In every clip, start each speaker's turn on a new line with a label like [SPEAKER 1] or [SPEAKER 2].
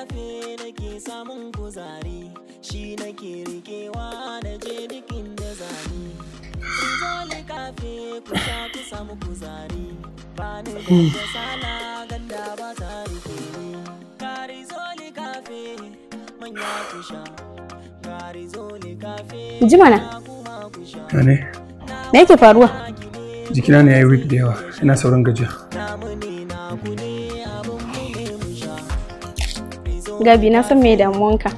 [SPEAKER 1] safe nake samun kuzari shi nake rikewa na je duk da zani zole kafe kusa ku samu kuzari ba ni da sala ganda ba ta rike ni kari zole kafe
[SPEAKER 2] manya ku sha kari zole kafe ji mana ne me yake faruwa
[SPEAKER 3] jikina ne yayi week da yawa ina saurin gajiya
[SPEAKER 4] Gabi na san me
[SPEAKER 2] damuwanka.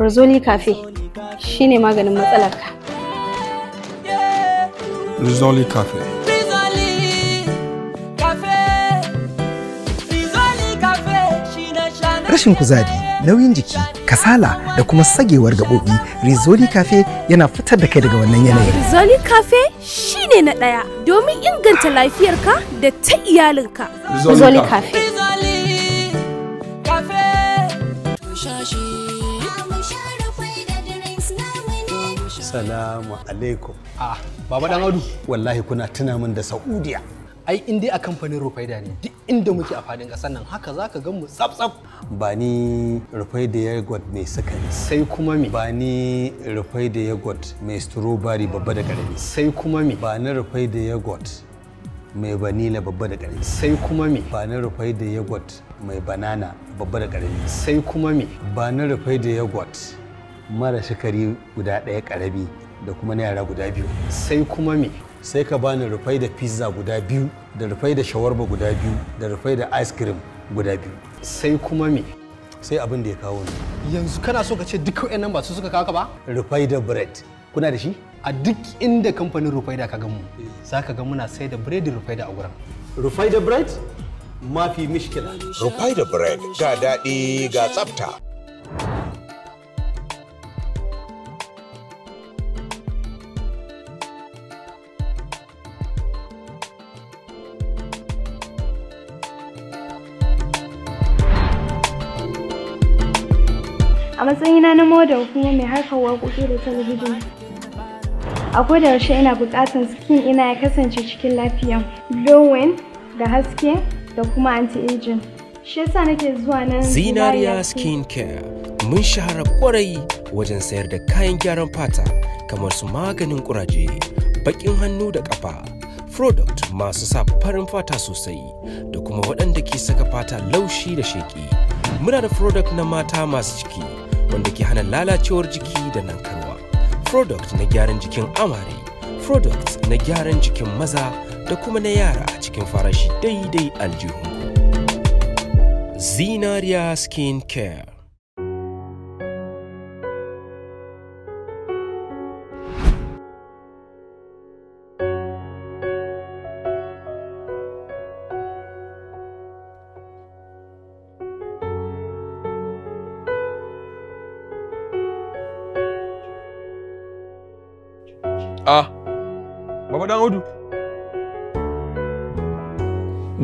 [SPEAKER 2] Rizoli Cafe shine maganin matsalarka.
[SPEAKER 3] Rizoli Cafe.
[SPEAKER 1] Rashin kuzari,
[SPEAKER 5] nauyin jiki, kasala da kuma sagewar gaɓoɓi, Rizoli Cafe yana fitar da kai
[SPEAKER 6] daga wannan yanayin.
[SPEAKER 2] Rizoli Cafe ne na ɗaya domin inganta lafiyarka da ta iyalinka. Rizoli Cafe.
[SPEAKER 6] Assalamu
[SPEAKER 7] alaikum. Ah, Baba Dan Audu. Wallahi kuna tuna min da Saudiya. Ai in dai a kamfanin Rufaida ne duk inda muke a fadin ƙasar nan haka za ka mu tsaf tsaf. Ba ni Rufaida god mai sukari. Sai kuma me? Ba ni Rufaida god mai
[SPEAKER 5] strawberry babba da ƙarami. Sai kuma me? Ba ni Rufaida god mai vanilla babba da ƙarami. Sai kuma me? Ba ni rufai da god mai banana babba da ƙarami. Sai kuma me? Ba na rufai da yogurt mara shikari guda ɗaya ƙarami da
[SPEAKER 7] kuma yara guda biyu sai kuma me sai ka bani rufai da pizza guda biyu da rufai da shawarma guda biyu da rufai da ice cream guda biyu sai kuma me sai abin
[SPEAKER 8] da ya kawo ni
[SPEAKER 7] yanzu kana so ka ce duk nan ba su suka kawo ka ba rufai da bread kuna da shi a duk inda kamfanin rufai da ka ga mu eh. za ka ga muna sai da bread rufai da a gurin rufai da bread mafi mishkila rufai da bread ga daɗi ga tsafta
[SPEAKER 2] a matsayina na model kuma mai harkar waƙoƙi da talabijin a koda yaushe ina buƙatar skin ina ya kasance cikin lafiya glowing da haske da kuma anti-aging shi yasa nake zuwa nan zinariya skin
[SPEAKER 7] care mun shahara kwarai wajen sayar da kayan gyaran fata kamar su maganin kuraje baƙin hannu da ƙafa, product masu sa farin fata sosai da kuma waɗanda ke saka fata laushi da sheƙi muna da product na mata masu ciki wanda ke hana lalacewar jiki da nankarwa product na gyaran jikin amare product na gyaran jikin maza da kuma na yara a cikin farashi daidai aljihu zinariya skin care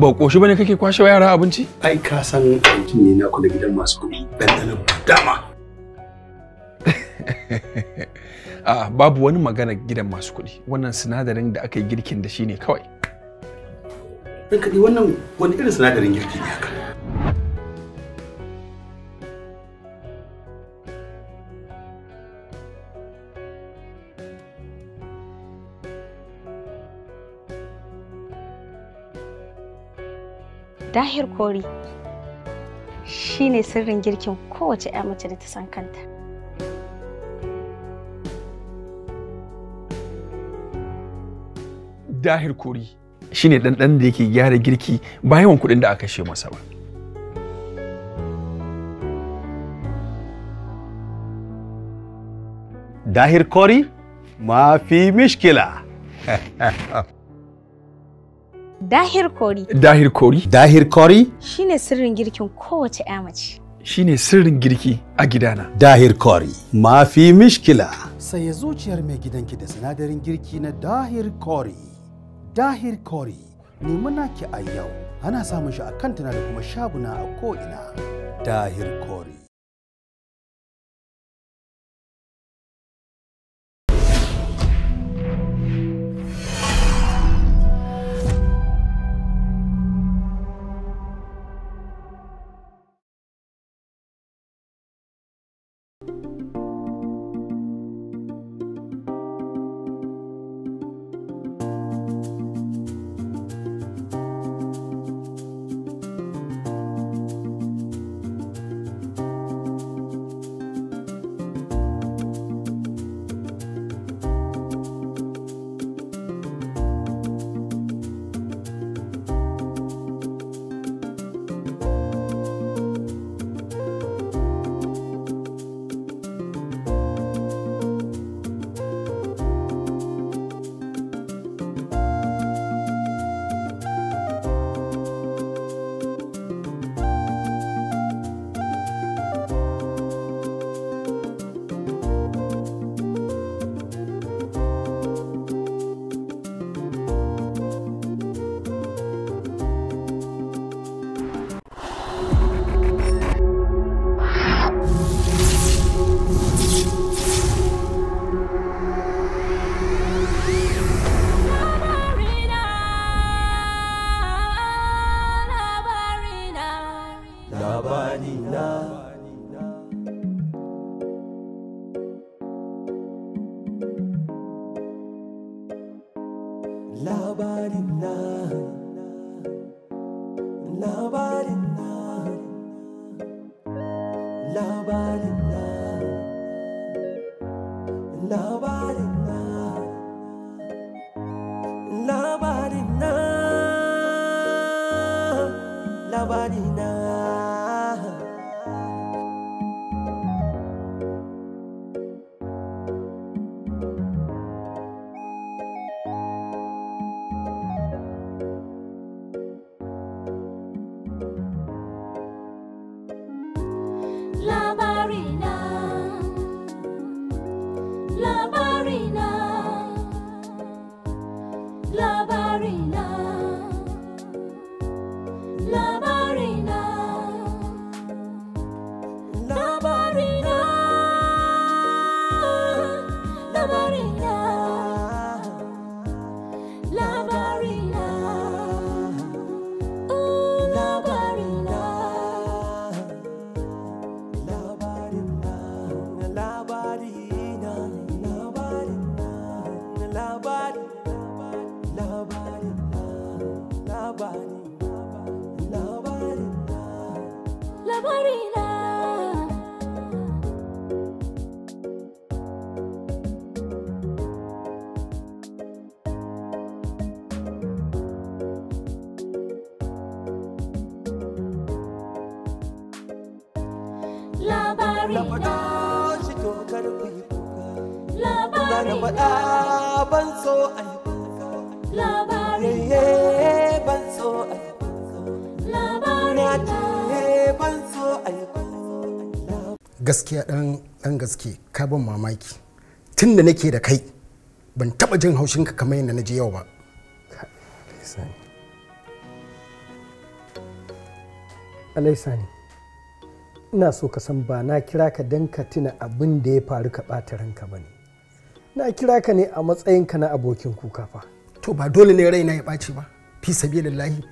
[SPEAKER 3] ba koshi bane kake kwashe wa yara abinci? Ai ka san abincin ne na kula gidan masu kuɗi ɗanɗanon dama. a babu wani magana gidan masu kuɗi wannan sinadarin da aka yi girkin da shi ne kawai.
[SPEAKER 7] Ɗan
[SPEAKER 9] kaɗi wannan wani irin sinadarin girki ne haka?
[SPEAKER 2] Dahir Kori shine sirrin girkin kowace 'ya mace da ta san kanta.
[SPEAKER 10] Dahir Kori
[SPEAKER 3] shine ɗanɗan da yake gyara girki ba kuɗin da aka she masa ba. Dahir Kori
[SPEAKER 8] ma fi mishkila.
[SPEAKER 2] Dahir kori.
[SPEAKER 8] Dahir kori. Dahir kori.
[SPEAKER 2] Shine sirrin girkin kowace ƴa mace.
[SPEAKER 8] Shine sirrin girki a gidana. Dahir kori. Ma mishkila.
[SPEAKER 5] Saye zuciyar mai gidanki da sinadarin girki na Dahir kori. Dahir kori. Nemi naki
[SPEAKER 7] a
[SPEAKER 6] yau. Ana samun shi a kantana da kuma shaguna a ko'ina. Dahir kori.
[SPEAKER 5] gaskiya dan gaske ka ban mamaki tun da nake da kai ban taba jin ka kamar yadda na je yau ba alaisani ina so ka san ba na kira ka don ka tuna abin da ya faru ka ɓata ranka ba ne na kira ka ne a matsayin ka na abokin kuka fa to ba dole ne raina ya ɓace ba fi sabi lillahi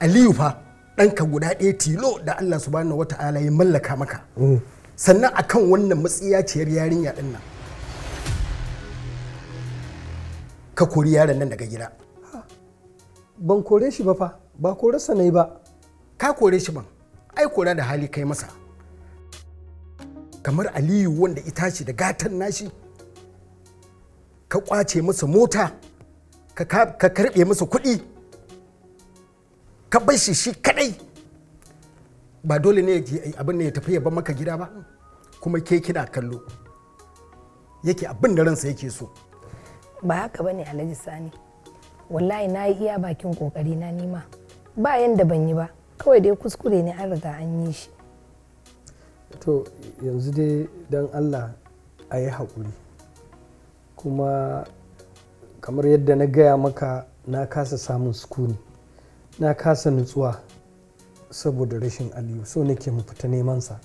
[SPEAKER 5] aliyu fa ɗanka guda ɗaya tilo da allah subhanahu wata'ala ya mallaka maka mm. sannan a kan wannan matsiyaciyar yarinya din nan ka kori yaron nan daga gida ban kore shi ba fa ba sa na yi ba ka kore shi ban ai kora da hali kai masa kamar aliyu wanda ita ce da gatan nashi ka kwace masa mota ka karbe masa kuɗi ka bar shi shi kadai ba dole ne abin ne ya tafi ya ban maka gida ba kuma ke kina kallo yake abin da ransa yake so
[SPEAKER 2] ba haka ba ne alhaji sani wallahi na yi iya bakin kokari na nima ba yanda ban yi ba kawai dai kuskure ne an riga an yi shi
[SPEAKER 5] to yanzu dai don allah a yi haƙuri kuma kamar yadda na gaya maka na kasa samun sukuni na kasa nutsuwa saboda rashin aliyu so nake mu fita neman sa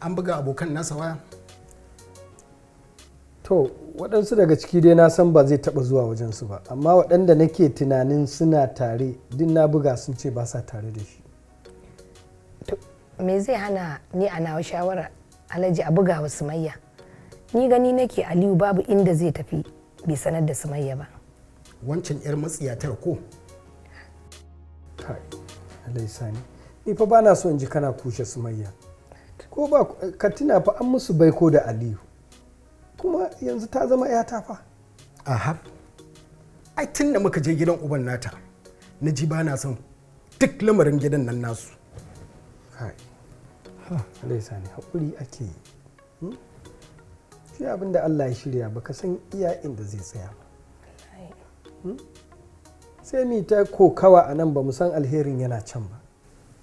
[SPEAKER 5] an buga abokan nasa waya to waɗansu daga ciki dai na san ba zai taɓa zuwa wajen su ba amma waɗanda nake tunanin suna tare din na buga sun ce ba sa tare da shi
[SPEAKER 2] me zai hana ni a nawa shawara alhaji a buga wa sumayya ni gani nake aliyu babu inda zai tafi bai sanar da sumayya ba
[SPEAKER 5] wancan 'yar matsiyatar ko alai fa ba na so in ji kana kushe sumayya ko ba ka tuna fa an musu baiko da aliyu kuma yanzu ta zama ya yata fa aha ai tun da muka je gidan uban nata na ji ba na son duk lamarin gidan nan nasu kai Allah sani haƙuri ake yi hmm? shi abin da Allah ya shirya ba ka san iya inda zai tsaya ba hmm? sai mi ta kokawa a nan ba mu san alherin yana can ba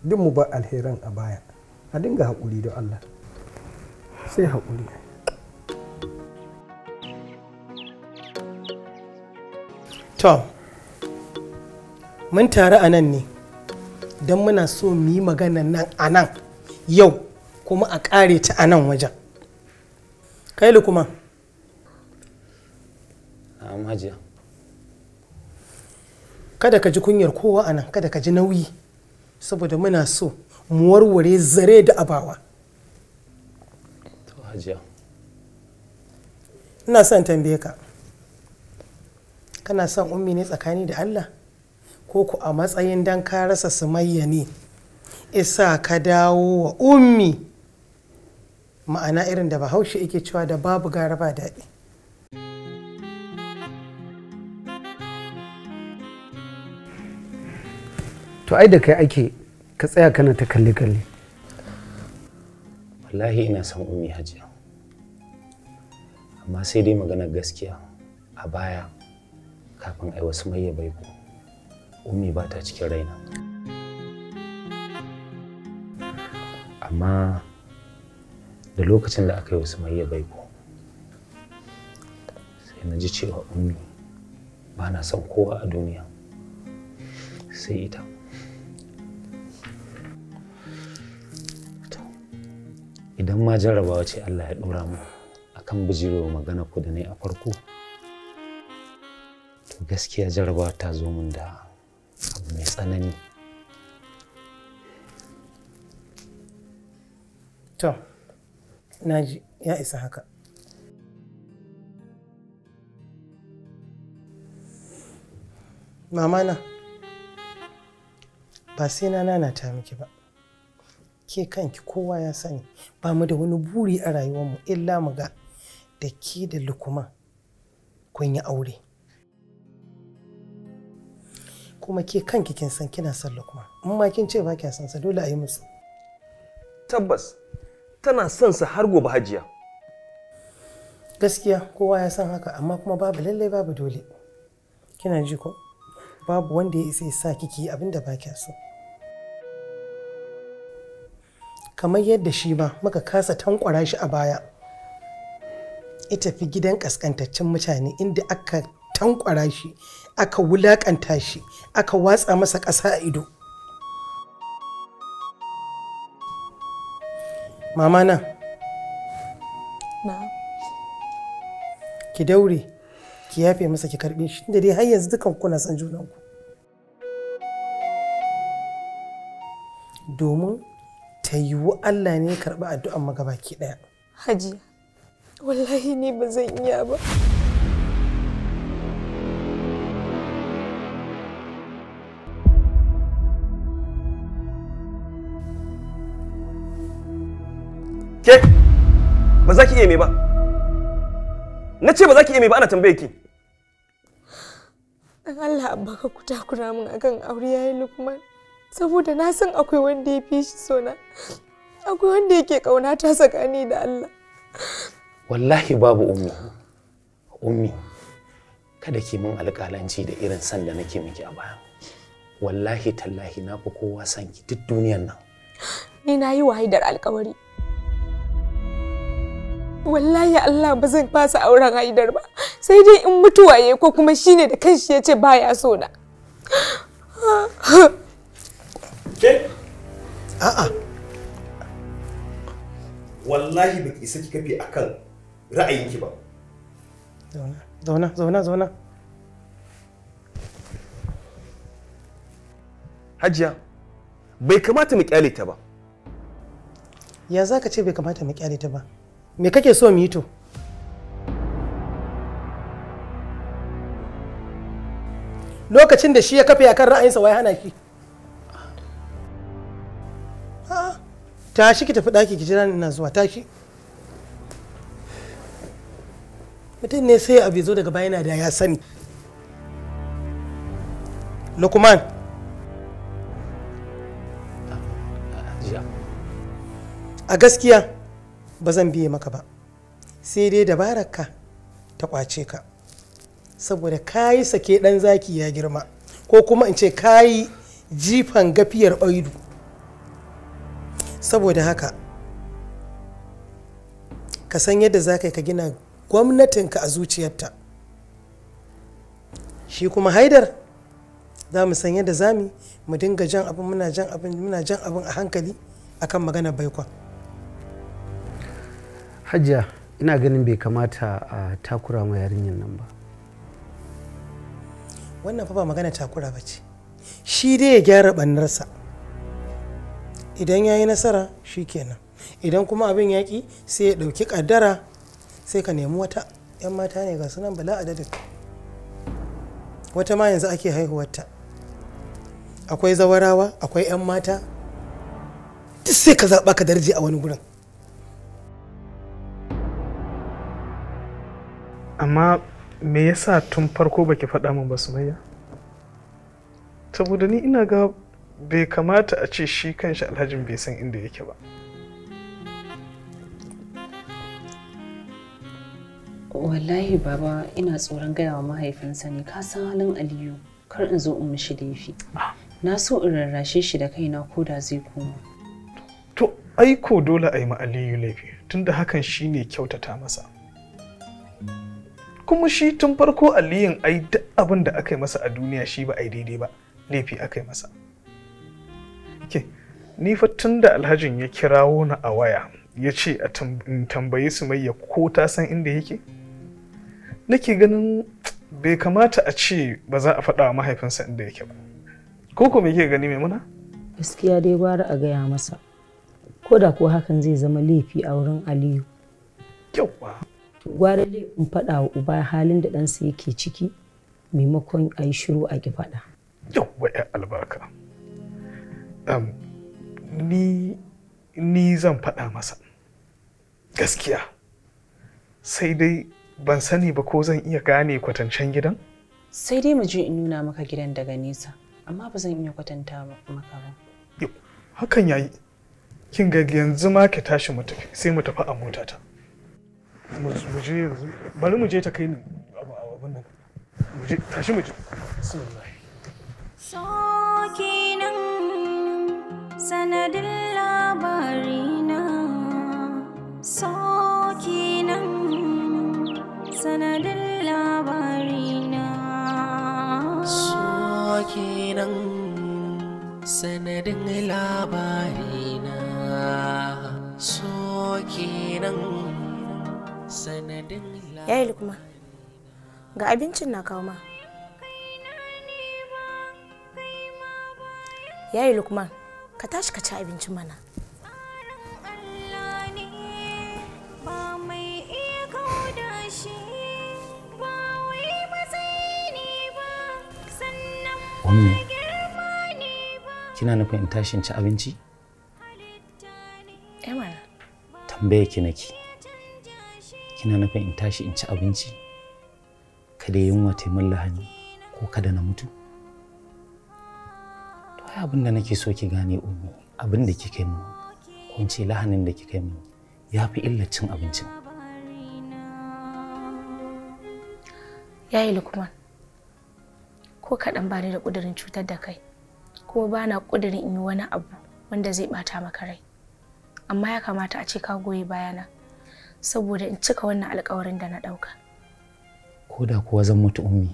[SPEAKER 5] duk mu ba alheran a baya a dinga haƙuri da Allah
[SPEAKER 6] sai haƙuri tom mun taru a nan ne don muna so mu yi magana nan a nan yau kuma a ƙare ta a nan wajen kailu kuma kada ka ji kunyar kowa a nan kada ka ji nauyi saboda muna so mu warware zare da abawa ina son tambaye ka kana son ummi ne tsakani da allah ko ku a matsayin dan ka rasa su ne isa ka dawo wa ummi ma'ana irin da bahaushe yake cewa da babu gara ba daɗi ai da kai ake ka tsaya kana ta kalle kalle
[SPEAKER 11] wallahi ina son ummi hajiya amma sai dai maganar gaskiya a baya kafin ai wasu mai bai ku ummi ba ta cikin raina amma da lokacin da aka yi wasu mai bai ku sai na ji cewa ummi ba na son kowa a duniya sai ita idan ma jarrabawa ce Allah ya ɗora mu akan bijirewa magana ko da ne a farko to gaskiya jarrabawa ta zo mun da abu mai tsanani
[SPEAKER 6] to naji ya isa haka mamana ba sai na nana ta miki ba ke kanki kowa ya sani ba mu da wani buri a rayuwar mu, illa mu ga da ke da lukuma kun yi aure kuma ke kanki kin san kina son lukuma in ma kin ce ba kya san sa dole a yi musu
[SPEAKER 7] tabbas tana son sa har gobe hajiya
[SPEAKER 6] gaskiya kowa ya san haka amma kuma babu lallai babu dole kina ji ko babu wanda ya isa ya sa kiki abin da ba kya so kamar yadda shi ba muka kasa tankwara shi a baya ita fi gidan kaskantaccen mutane inda aka tankwara shi aka wulakanta shi aka watsa masa ƙasa a ido mama na ki daure ki yafe masa ki karbe shi da dai har yanzu dukan kuna san junanku domin ta yiwu Allah ne ya karɓi addu'an baki ɗaya.
[SPEAKER 2] Haji, wallahi ni ba zan iya ba.
[SPEAKER 7] Ke, ba za ki iya me ba? Na ce ba za ki iya me ba ana tambaye ki.
[SPEAKER 2] Allah abba ka kuta min akan aure yayi Lukman. saboda na san akwai wanda ya fi shi sona akwai wanda yake kauna ta
[SPEAKER 12] tsakani da Allah
[SPEAKER 11] wallahi babu ummi ummi kada ki min alƙalanci da irin san da nake miki a baya wallahi tallahi na fi kowa san ki duk duniyar nan
[SPEAKER 2] ni na yi wa haidar alƙawari wallahi Allah ba zan fasa auren haidar ba sai dai in mutuwa ya ko kuma shine da kanshi ya ce baya so na
[SPEAKER 10] Ke? A'a.
[SPEAKER 7] Wallahi baki isa kika bi akan ra'ayinki ba.
[SPEAKER 6] Zauna, zauna, zauna, zauna. Hajiya,
[SPEAKER 7] bai kamata mu kyale ta ba.
[SPEAKER 6] Ya za ka ce bai kamata mu kyale ta ba? Me kake so mu yi to? Lokacin da shi ya kafe akan ra'ayinsa wai hana ki. tashi ki tafi ɗaki ki jira ni na zuwa tashi mutum ne sai abu zo daga baya na da ya sani lukman a gaskiya ba zan biye maka ba sai dai dabararka ta kwace ka saboda kayi sake dan zaki ya girma ko kuma in ce kayi jifan gafiyar oidu saboda haka ka san yadda za ka yi ka gina gwamnatinka a zuciyarta shi kuma haidar za mu san yadda za mu mu dinga jan abin muna jan abin muna jan abin a hankali akan magana baikon
[SPEAKER 13] hajja ina ganin bai kamata a takura ma yarinyar nan ba
[SPEAKER 6] wannan fa ba magana takura ba ce shi dai ya gyara ɓannarsa idan ya yi nasara shi kenan idan kuma abin ya ki sai ya ɗauki ƙaddara sai ka nemi wata 'yan mata ne ga sunan bala adadin wata ma yanzu ake haihuwarta akwai zawarawa akwai 'yan mata duk sai ka zaɓa ka darje a wani gurin
[SPEAKER 10] amma me yasa tun farko baki faɗa min ba su maya saboda ni ina ga bai kamata a ce shi kanshi alhajin bai san inda yake ba wallahi baba ina tsoron gaya
[SPEAKER 14] wa mahaifinsa ne ka san halin aliyu kar in zo in mishi laifi na so in
[SPEAKER 10] rarrashe shi da kaina ko da zai koma to aiko dole a yi ma aliyu laifi tunda hakan ne kyautata masa kuma shi tun farko aliyun ai duk abin da aka yi masa a duniya shi ba ai daidai ba laifi aka yi masa ke ni fa tun da alhajin ya kirawo na a waya ya ce a tambayi su mai ya ko ta san inda yake nake ganin bai kamata a ce ba za a faɗa wa mahaifinsa inda yake ba ko ko me yake gani mai muna
[SPEAKER 2] gaskiya dai gwara a gaya masa ko da ko hakan zai zama laifi a wurin aliyu yauwa gwara in faɗa wa uba halin da ɗansa yake
[SPEAKER 10] ciki maimakon a yi shiru a ki faɗa yauwa ya albarka ni ni zan faɗa masa gaskiya sai dai ban sani ba ko zan iya gane kwatancen gidan
[SPEAKER 14] sai dai mu je in nuna maka gidan daga nesa amma ba zan iya kwatanta maka
[SPEAKER 10] ba hakan yayi kin ga yanzu ma ki tashi mu tafi sai mu tafi a motata mu je yanzu bari mu je ta kai ni abin nan mu je tashi mu je bismillah
[SPEAKER 2] so sanadin labari na
[SPEAKER 1] soki nan sanadin labari na. soki nan sanadin labari na soki nan sanadin labarina yayi lukma ga
[SPEAKER 2] abincin na kawo ma yayi lukman ka tashi ka ci abinci mana
[SPEAKER 11] Ummi, kina nufin in tashin ci abinci? Eh mana. Tambaya ki nake. Kina nufin in tashi in ci abinci? Kada yunwa ta ko kada na mutu? akwai abin da nake so ki gane ummi abin da kika mu kun ce lahanin da kike mu ya fi
[SPEAKER 2] illacin abincin yayi lukman ko kaɗan ba ni da ƙudurin cutar da kai ko na ƙudurin in yi wani abu wanda zai ɓata maka rai amma ya kamata a ce ka goyi bayana saboda in cika wannan alkawarin da na ɗauka
[SPEAKER 11] ko da kuwa zan mutu ummi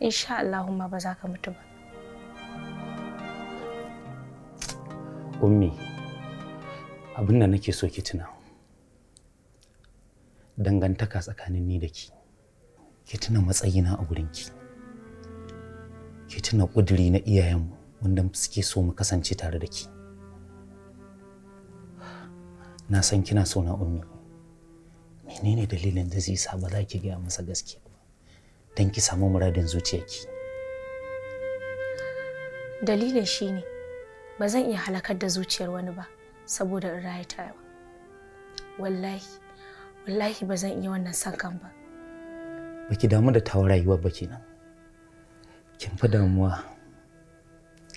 [SPEAKER 2] insha Allahumma ba za ka mutu ba
[SPEAKER 11] ummi abin da nake so ki tuna dangantaka tsakanin ni da ki ki tuna matsayina a gurin ki ki tuna ƙuduri na iyayenmu wanda suke so mu kasance tare da ki na san kina so na ummi menene dalilin da zai sa ba za ki gaya masa gaskiya ba don ki samu muradin zuciyarki
[SPEAKER 2] dalilin shine ba zan iya halakar da zuciyar wani ba saboda in rayu ta wallahi wallahi ba zan iya wannan sankan ba
[SPEAKER 11] baki damu da tawa rayuwa ba kenan kin fi damuwa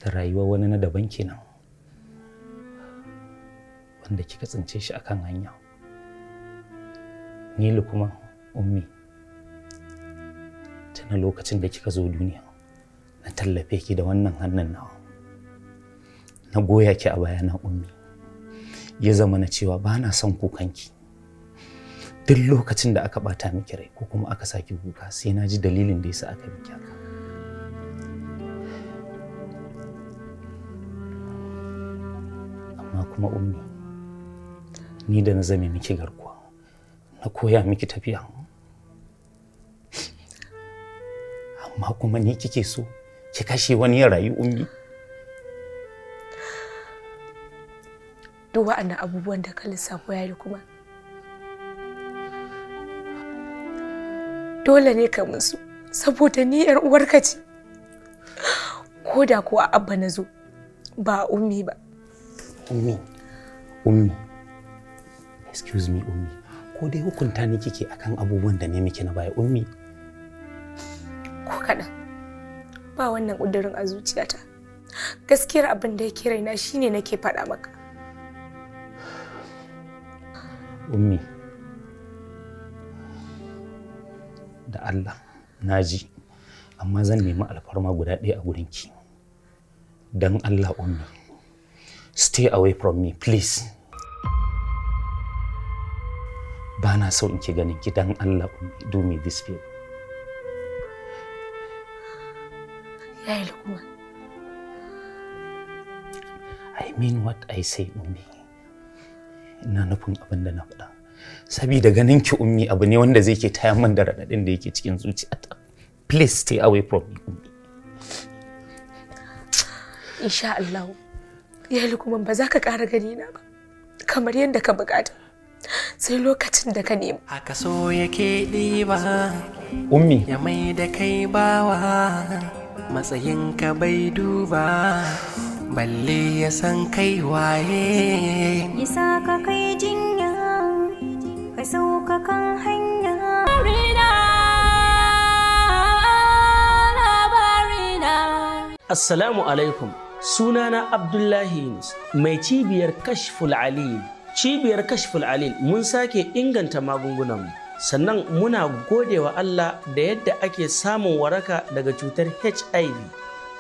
[SPEAKER 11] da rayuwa wani na daban kenan wanda kika tsince shi akan hanya ni kuma ummi tana lokacin da kika zo duniya na tallafe ki da wannan hannun nawa na goya ki a bayana ummi ya zama na cewa ba na son ki duk lokacin da aka bata miki rai ko kuma aka saki kuka sai na ji dalilin da yasa aka miki haka amma kuma ummi ni da na zame miki garkuwa na koya miki tafiya amma kuma ni kike so ki kashe wani ya rayu ummi
[SPEAKER 2] wa wa'annan abubuwan da ka lissafo ya kuma dole ne ka musu saboda ni yar uwarka ce ko da kuwa abba na zo ba ummi ba
[SPEAKER 11] ummi ummi excuse me ummi ko dai hukunta ni kike akan abubuwan da ne miki na baya ummi
[SPEAKER 2] ko kaɗan ba wannan ƙudurin a zuciyata gaskiyar abin da yake raina shine nake faɗa maka
[SPEAKER 11] ummi da Allah na ji amma zan nemi alfarma guda ɗaya a gurinki don Allah ummi stay away from me please ba na so in ki ganin ki don Allah ummi do me this favor I mean what I say ummi ina nufin abin da na faɗa sabida ganin ki ummi abu ne wanda zai ke taya min da raɗaɗin da yake cikin zuciyata please stay away from me ummi
[SPEAKER 2] insha Allah yayi kuma ba za ka ƙara gani na ba kamar yadda ka bukata
[SPEAKER 1] sai lokacin da ka nemi a kaso yake ɗiba ummi ya mai da kai bawa matsayin ka bai duba balle ya san kai waye
[SPEAKER 4] isa ka kai jinya ka sauka kan hanya
[SPEAKER 13] Assalamu alaikum sunana Abdullahi Yunus mai cibiyar kashful alim cibiyar kashful alim mun sake inganta magungunanmu sannan muna gode wa Allah da yadda ake samun waraka daga cutar HIV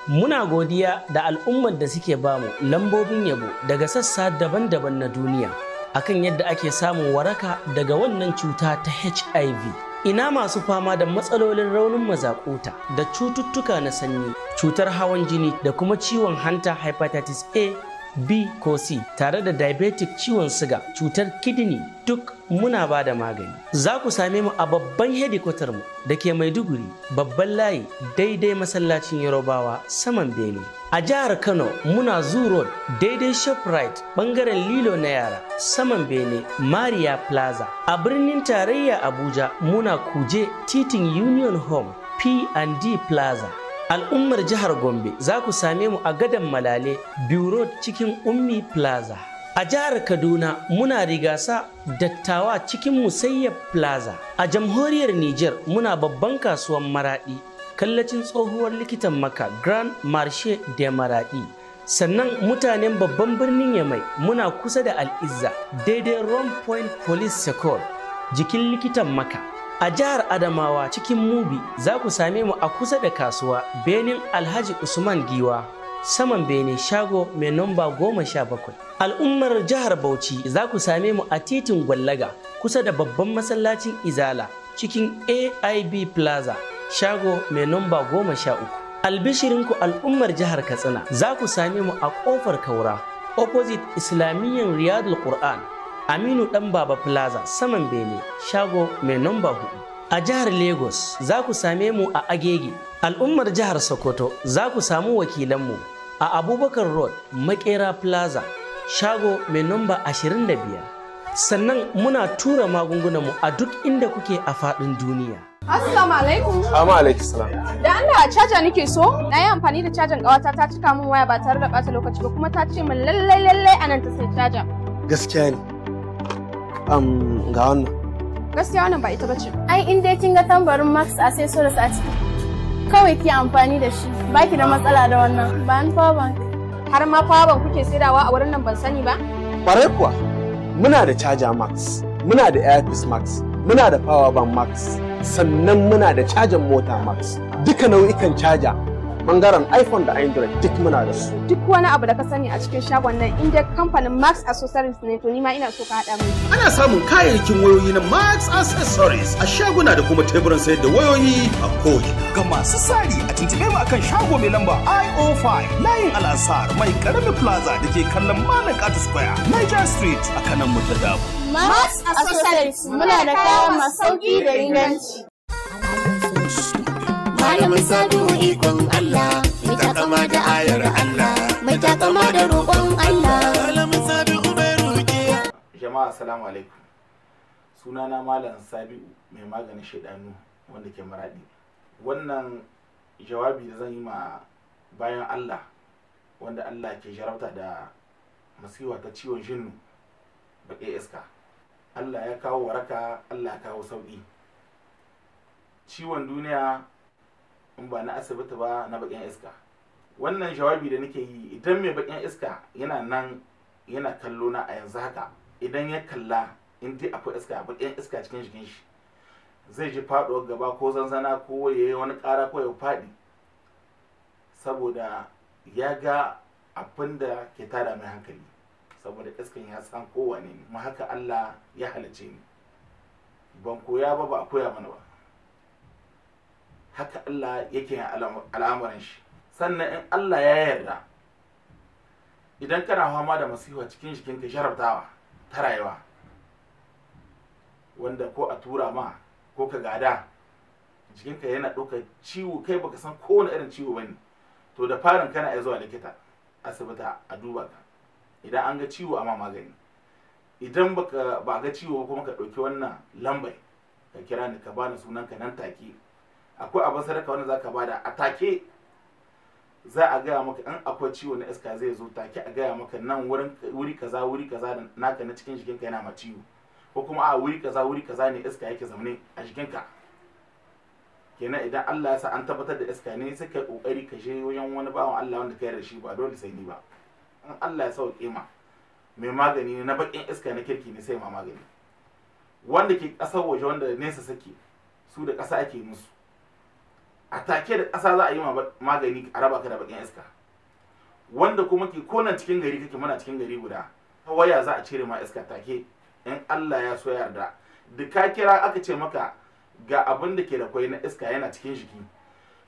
[SPEAKER 13] Muna godiya da al'ummar da suke bamu lambobin yabo daga sassa daban-daban na duniya akan yadda ake samun waraka daga wannan cuta ta HIV. Ina masu fama da matsalolin raunin mazakuta da cututtuka na sanyi, cutar hawan jini da kuma ciwon hanta hepatitis A b ko c tare da diabetic ciwon siga cutar kidney duk muna ba da magani za ku same mu a babban hedikwatar mu da ke maiduguri babban layi daidai masallacin yarobawa saman bene a jihar kano muna zoo road daidai shoprite bangaren lilo na yara saman bene maria plaza a birnin tarayya abuja muna kuje titin union home p&d plaza al'ummar jihar gombe za ku same mu a gadon malale biro cikin ummi plaza a jihar kaduna muna rigasa dattawa cikin Musayyar plaza a jamhuriyar niger muna babban kasuwan maradi kallacin tsohuwar likitan maka grand marche de maradi sannan mutanen babban birnin yamai muna kusa da al'izza daidai rome point police secor jikin likitan maka A jihar Adamawa cikin Mubi za ku same mu a kusa da kasuwa Benin Alhaji Usman Giwa saman Benin Shago mai namba goma sha bakwai. Al'ummar jihar Bauchi za ku same mu a titin Gwallaga kusa da babban masallacin Izala cikin AIB Plaza Shago mai namba goma sha uku. Albishirinku al'ummar jihar Katsina za ku same mu a ƙofar Kaura opposite Islamiyyar Riyadul Qur'an aminu dan baba plaza saman bene shago mai namba huɗu a jihar lagos za ku same mu a agege al'ummar jihar sokoto za ku samu mu a abubakar road makera plaza shago mai namba 25 sannan muna tura mu a duk inda kuke a faɗin duniya
[SPEAKER 2] Assalamu alaikum.
[SPEAKER 7] Amma alaikum
[SPEAKER 13] salam.
[SPEAKER 2] Da Allah caja nake so, na yi amfani da cajan ƙawata ta cika min waya ba tare da ɓata lokaci ba kuma ta ce min lallai lallai anan ta sai caja.
[SPEAKER 6] Gaskiya ne.
[SPEAKER 13] ga wannan
[SPEAKER 2] gaskiya wannan ba ita bace ai in dai kin ga tambarin max accessories a ciki kawai ki amfani da shi baki da matsala da wannan ba an power bank har ma power bank kuke saidawa a wurin nan ban sani ba
[SPEAKER 7] kwarai kuwa muna da charger max muna da airpiece max muna da power bank max sannan muna da cajin mota max duka nau'ikan caja bangaren iphone da android duk muna da su
[SPEAKER 2] duk wani abu da ka sani a cikin shagon nan inda kamfanin max accessories ne to nima ina so ka haɗa mu
[SPEAKER 15] ana samun kayayyakin wayoyi na max accessories a shaguna da kuma teburin sayar da wayoyi a koyi ga masu sari a tuntube mu akan shago mai lamba io5 layin al'asar
[SPEAKER 9] mai karami plaza da ke kallon malam katu square niger street a kanan mu ta
[SPEAKER 1] max accessories muna da kayan masauki da inganci malamin sabu ikon Allah mai takama da ayar Allah
[SPEAKER 15] mai takama da roƙon Allah malamin sabu mai roƙe jama'a assalamu alaikum sunana malam sabi'u mai maganin shaidanu wanda ke maradi wannan jawabi da zan yi ma bayan Allah wanda Allah ke jarabta da masiwa ta ciwon jinnu baƙi iska Allah ya kawo waraka Allah ya kawo sauƙi ciwon duniya in ba na asibiti ba na bakin iska wannan jawabi da nake yi idan mai bakin iska yana nan yana kallo na a yanzu haka idan ya kalla in dai akwai iska bakin iska cikin jikin shi zai ji faɗuwar gaba ko zanzana ko ya yi wani kara ko ya faɗi saboda ya ga abin ke tada mai hankali saboda iskan ya san kowane ne mu haka Allah ya halice ni ban koya ba ba a koya mana ba haka Allah yake yin al'amuran shi sannan in Allah ya yarda idan kana fama da masifa cikin jikinka jarabtawa ta rayuwa wanda ko a tura ma ko ka gada jikinka yana ɗaukar ciwo kai baka san kowane irin ciwo bane to da farin kana iya zuwa likita asibita a duba ka idan an ga ciwo a ma magani idan ba ga ciwo kuma ka ɗauki wannan lambai ka kira ni ka bani sunan ka nan take akwai abin sadaka wanda zaka bada a take za a gaya maka in akwai ciwo na iska zai zo take a gaya maka nan wuri kaza wuri kaza naka na cikin jikinka yana ma ko kuma a wuri kaza wuri kaza ne iska yake zaune a jikinka kenan idan Allah ya sa an tabbatar da iska ne sai kai kokari ka je wajen wani bawan Allah wanda kai da shi ba dole sai ni ba in Allah ya sauke ma mai magani ne na bakin iska na kirki ne sai ma magani wanda ke kasar waje wanda nesa sake su da kasa ake musu a take da kasa za a yi magani a raba ka da bakin iska wanda kuma ke konan cikin gari kake mana cikin gari guda ta waya za a cire ma iska take in Allah ya so yarda da ka kira aka ce maka ga abin da ke da kwai na iska yana cikin jiki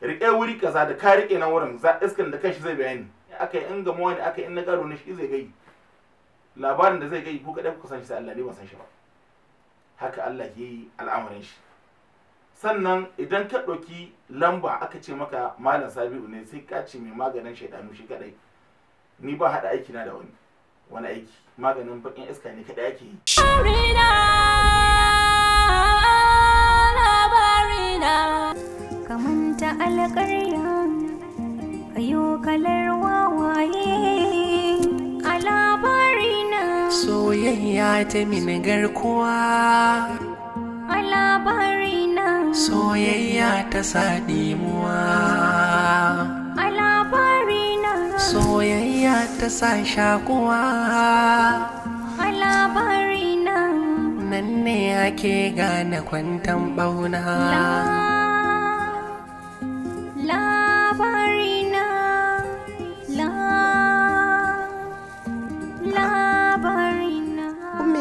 [SPEAKER 15] riƙe wuri kaza da ka rike na wurin za iskan da kanshi zai bayani aka yi in gamo ne aka yi in na garo na shi zai gai labarin da zai gai ku kaɗai kuka san shi sai Allah ne ba san shi ba haka Allah ke yi al'amarin shi sannan idan ka ɗauki lamba aka ce maka malam sabi'u ne sai ka mai maganin shaidanu shi kadai ni ba haɗa aiki na da wani wani aiki maganin bakin iska ne kadai ake yi
[SPEAKER 9] kamanta alƙarya kayo kalar wawaye
[SPEAKER 1] a labari soyayya ta min garkuwa labarina soyayya ta sa ɗimuwa a labarina soyayya ta sa shakuwa a labarina nan nan ne ake gane kwantan ɓauna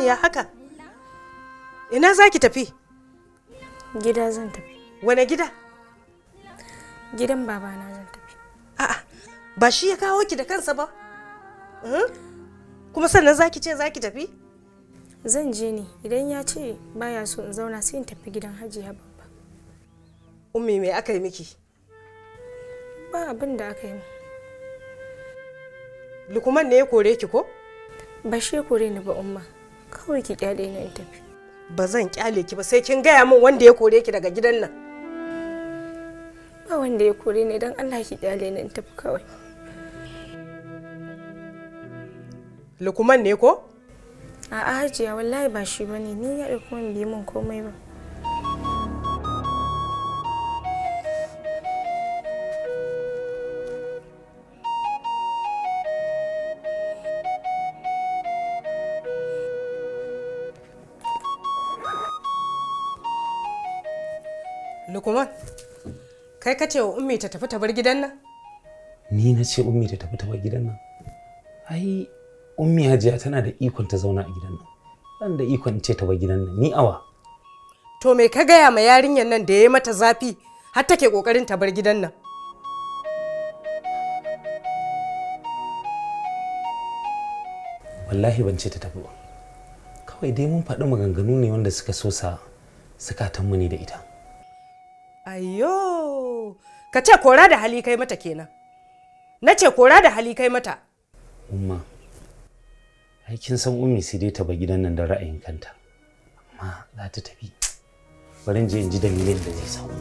[SPEAKER 4] ya haka ina za ki tafi Gida zan tafi. Wane gida?
[SPEAKER 2] Gidan babana zan tafi. A'a, ba shi ya kawo ki da kansa ba? Hmm? Kuma sannan zaki ce zaki tafi? Zan je ne idan ya ce baya so in zauna sai in tafi gidan hajiya babba. Ummi
[SPEAKER 4] me aka yi miki?
[SPEAKER 2] Ba abin da aka yi
[SPEAKER 4] Lukuman ne ya kore ki ko?
[SPEAKER 2] Ba shi ya kore ni ba umma. Kawai ki kyale ni
[SPEAKER 4] in tafi. ba zan kyale ki ba sai kin gaya min wanda ya kore ki daga gidan nan
[SPEAKER 2] ba wanda ya kore ni don allah ki kyale ni in tafi kawai lukuman ne ko a'a hajiya wallahi ba shi bane ni ya ɗauko min bi min komai ba
[SPEAKER 4] kai ka ce wa ummi ta tafi ta bar gidan nan
[SPEAKER 11] ni na ce ummi ta tafi ta bar gidan nan ai ummi hajiya tana da ikon ta zauna a gidan nan ban da ikon ce ta bar gidan nan ni awa
[SPEAKER 4] to me ka gaya ma yarinyar nan da ya mata zafi har take kokarin ta bar gidan nan
[SPEAKER 11] wallahi ban ce ta tafi ba kawai dai mun faɗi maganganu ne wanda suka sosa sa mu ne da ita
[SPEAKER 4] ayo ka ce kora da hali kai mata kenan. Na ce kora da hali kai mata.
[SPEAKER 11] Umma, ai kin san ummi sai dai ta ba gidan nan da ra'ayin kanta. Amma za ta tafi. Bari in je in ji dalilin da zai samu.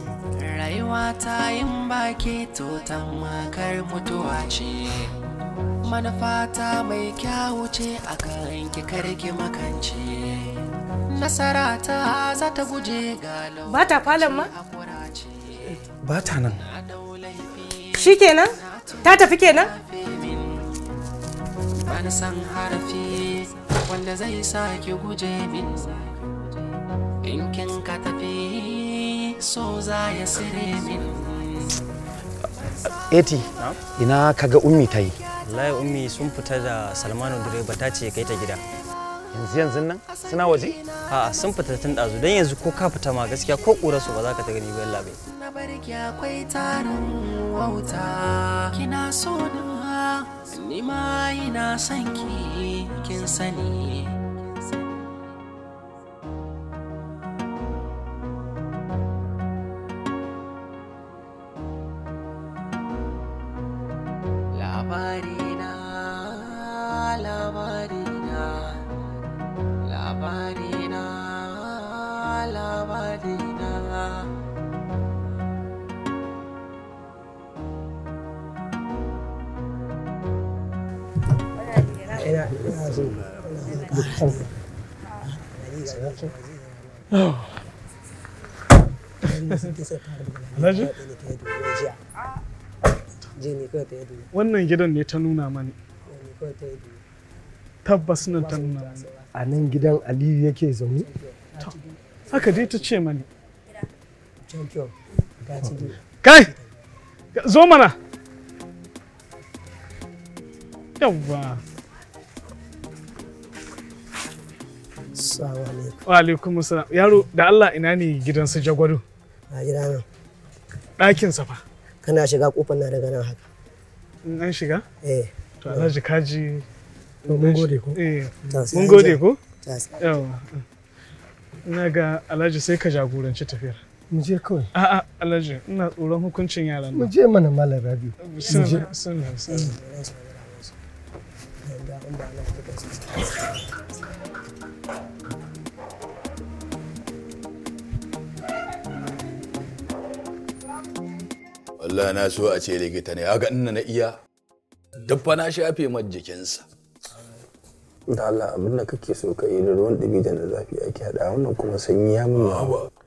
[SPEAKER 1] Rayuwa ta yin baki to makar mutuwa ce. Manufa ta mai kyawu ce a kan ki karki makance. Nasara ta za ta guje ga Ba ta falon ma? ba ta nan shi kenan
[SPEAKER 4] ta tafi kenan
[SPEAKER 1] ban san harafi wanda zai sa guje min in kin ka tafi so za ya sire min
[SPEAKER 11] eti ina kaga ummi ta yi wallahi ummi sun fita da salmanu direba ta ce kai ta gida yanzu yanzu nan suna waje
[SPEAKER 13] a sun fita tun dazu dan yanzu ko ka fita ma gaskiya ko kura su ba za ka ta gani ba
[SPEAKER 1] labai na kina so kin sani
[SPEAKER 6] alhaji je ne kawai ta yadu
[SPEAKER 10] wannan gidan ne ta nuna mani tabbas nan ta nuna mani a nan gidan aliyu yake zaune haka dai ta ce mani kai zo mana yawwa Assalamu alaikum. Wa alaikum assalam. Yaro da Allah ina ne gidan su Jagwado? Ga gida nan. Ɗakin sa fa. Kana shiga kofar na daga nan haka. an shiga? Eh. To Alhaji kaji. Mun gode ko? Eh. Mun gode ko? Yawa. Ina ga Alhaji sai ka jagoranci tafiyar. Mu je kawai. A'a Alhaji ina tsoron hukuncin yaran nan. Mu
[SPEAKER 5] je mana Malam Rabiu. Mu je. Sun sun sun.
[SPEAKER 8] Allah na so a ce likita ne haka ina na iya fa na shafe ma
[SPEAKER 3] jikinsa da Allah abin da kake so ka yi da ruwan ɗumi da na zafi ake hada wannan kuma sanyi ya mun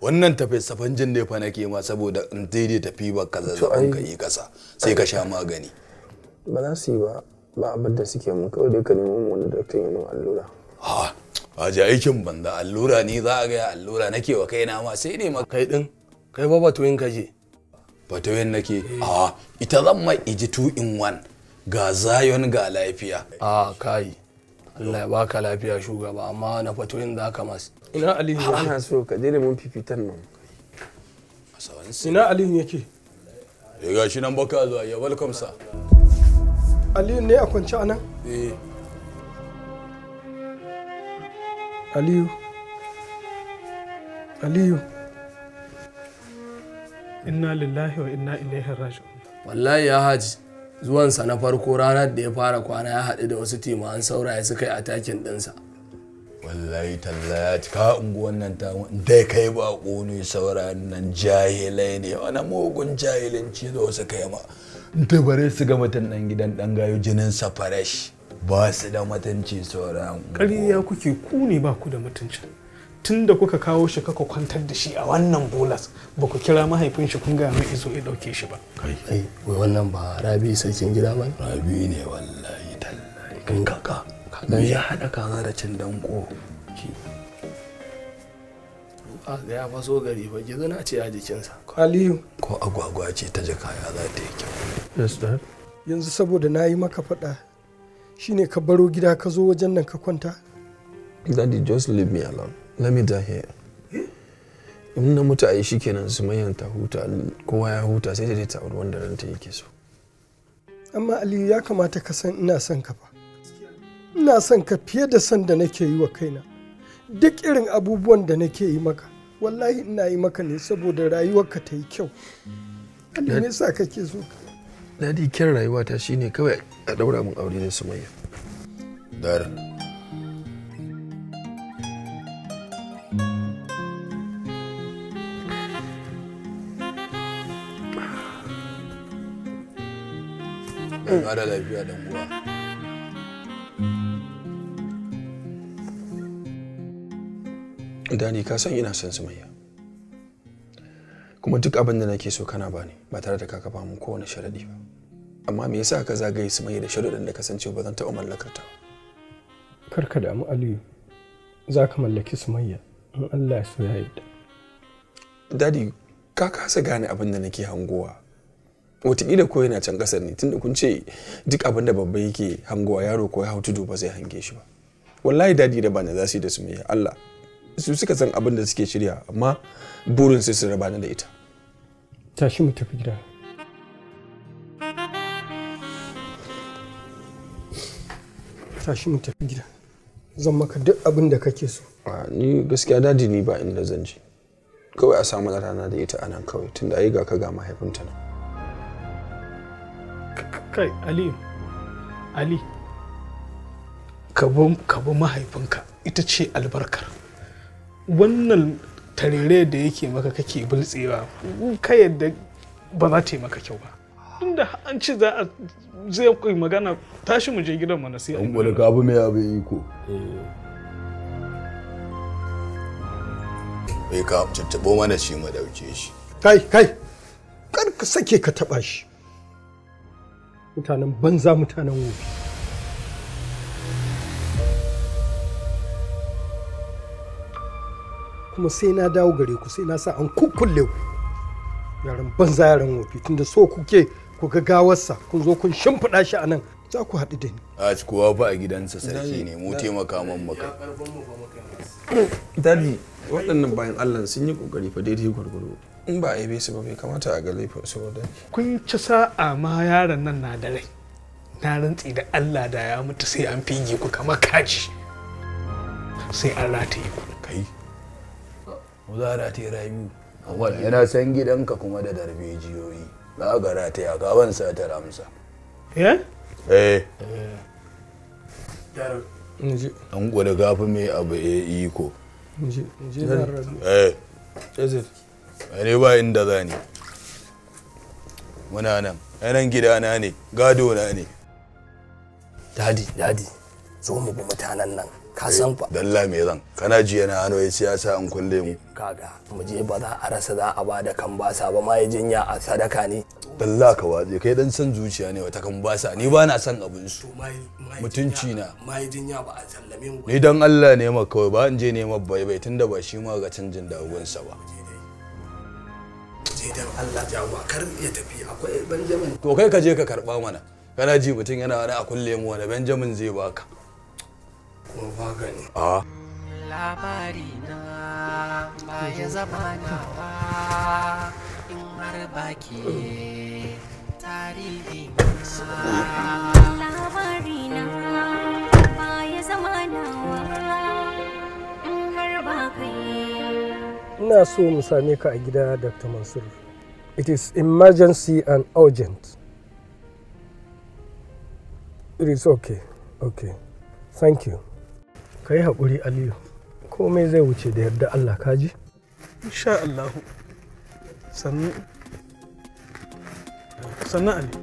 [SPEAKER 8] wannan tafi safan jin ne fa nake ma saboda in daidai tafi ba ka zazzabin ka yi kasa sai ka sha magani
[SPEAKER 3] ba za su yi ba ba
[SPEAKER 8] abin da suke mun kawai dai ka nemo wani daktar mun allura ha a ji aikin banza allura ni za a gaya allura nake wa kaina ma sai ne ma kai din kai ba batuin ka je fatawen nake a ita zan mai iji 2 in one ga zayon ga lafiya a kai Allah ya baka lafiya shugaba amma na fatoyin za ka masu
[SPEAKER 3] ina aliyu ana so ka je da mun fifitan nan ina aliyu
[SPEAKER 8] yake ya eh, ga shi nan baka zuwa ya welcome sa aliyu ne a kwance a nan eh.
[SPEAKER 10] aliyu aliyu inna lillahi wa inna ilaihi raji'un
[SPEAKER 8] wallahi ya haji zuwansa na farko ranar da ya fara kwana ya haɗu da wasu timahan sauraye suka yi atakin ɗinsa wallahi talla ka cika wannan ta dai kai ba ƙoni sauraron nan jahilai ne wani mugun jahilanci da wasu kai ma ta bare su ga mutum ɗan gidan ɗan gayo jinin sa ba su da mutunci saurayen kariya kuke ku ne ba ku da mutuncin
[SPEAKER 10] tun da kuka kawo shi kuka kwantar da shi a wannan bolas ba ku kira mahaifin shi kun gaya mai izo ya dauke shi ba
[SPEAKER 8] kai wannan ba rabi sarkin gida ba rabi ne wallahi tallahi kan kaka kaga ya hada kaza da cin danko a ga ya faso gari ba gizina ce a jikinsa aliyu ko agwagwa ce ta jaka ya za ta yi
[SPEAKER 3] kyau
[SPEAKER 5] yanzu saboda na yi maka faɗa shine ka baro gida ka zo wajen nan ka kwanta
[SPEAKER 3] daddy just leave me alone let here in na mutu a yi kenan su mayan ta huta kowa ya huta sai dai ta auri wanda ranta yake so
[SPEAKER 5] amma aliyu ya kamata ka san ina son ka fa ina son ka fiye da son da nake yi wa kaina duk irin abubuwan da nake yi maka wallahi ina yi maka ne saboda rayuwarka ta yi kyau Allah me yasa kake so
[SPEAKER 3] dadi kyan rayuwata shine kawai a daura mun aure da sumayya dar
[SPEAKER 1] Allah da lafiya dan uwa
[SPEAKER 3] Dani ka san ina son Sumayya kuma duk abin da nake so kana bani ba tare da ka kafa mun kowane sharadi ba amma me yasa ka zagaye Sumayya da sharuɗin da kasance ba zan taɓa mallakar ta
[SPEAKER 5] ka damu Aliyu za ka mallaki Sumayya in Allah ya so ya yarda
[SPEAKER 3] Dadi ka kasa gane abin da nake hangowa watakila ko yana can ƙasar ne tunda kun ce duk abin da babba yake hangowa yaro ko ya hau tudu ba zai hange shi ba wallahi dadi da bana za su yi da su mai Allah su suka san abin da suke shirya amma burin su su raba da ita tashi mu
[SPEAKER 5] tafi gida tashi mu tafi gida zan maka duk abin da kake so
[SPEAKER 3] ni gaskiya dadi ni ba inda zan je kawai a samu rana da ita anan kawai tunda ai ga ka ga mahaifinta na.
[SPEAKER 10] kai ali ali ka bi mahaifinka ita ce albarkar wannan tarere da yake maka kake bultsewa ka yadda ba za ta yi maka kyau ba inda an ci za a zai kai magana tashi mu je gidan mana sai an gwada
[SPEAKER 8] ka abu mai abin iko eh, eh ka mana shi mu dauke shi
[SPEAKER 10] kai kai
[SPEAKER 5] kar ka sake ka taba shi mutanen banza mutanen wuri kuma sai na dawo gare ku sai na sa an kukkulle ku yaran banza yaran wofi tunda so kuke ku ga gawarsa kun zo kun shimfiɗa shi a nan za ku haɗu da ni
[SPEAKER 3] a kowa ba a gidansa sarki ne mu taimaka man maka dadi waɗannan bayan allah sun yi ƙoƙari fa daidai gwargwaro in ba a yi su ba bai kamata a ga laifin su ba
[SPEAKER 10] kun ci sa'a ma yaron nan na da rai na rantsi da Allah da ya mutu sai an fige ku kama kaji sai an rata yi
[SPEAKER 8] kai mu za a yi rayu yana san gidanka kuma da darbejiyoyi za ga rataya ka ban sata ta ramsa eh eh an gwada gafi mai abu ya iko eh ne ba inda za ni muna nan yanan gidana ne gado na ne dadi dadi zo mu bi mutanen nan ka eh, san fa dalla me zan kana jiya na hano ya siyasa an kulle mu kaga mu je ba za a rasa za a bada kan basa ba ma ya jinya a sadaka ne dalla ka waje kai dan san zuciya ne wata kan basa ni ba na san abin su mutunci na ma ya jinya ba a sallame mu ni dan Allah ne ma kawai ba in je neman bai bai tunda ba shi ma ga canjin dawowansa ba je dan Allah jawo kar ya tafi akwai Benjamin to kai ka je ka karba mana kana ji mutum yana wani a kulle mu wani Benjamin zai baka ko magani a
[SPEAKER 1] labari na ba ya zama na ba in har baki tarihi labari na ba ya zama na ba in har
[SPEAKER 2] baki
[SPEAKER 5] ina so mu same ka a gida dr mansur it is emergency and urgent it is okay okay thank you ka yi haƙuri aliyu komai zai wuce da yarda allah kaji
[SPEAKER 10] insha allahu sannan sannan aliyu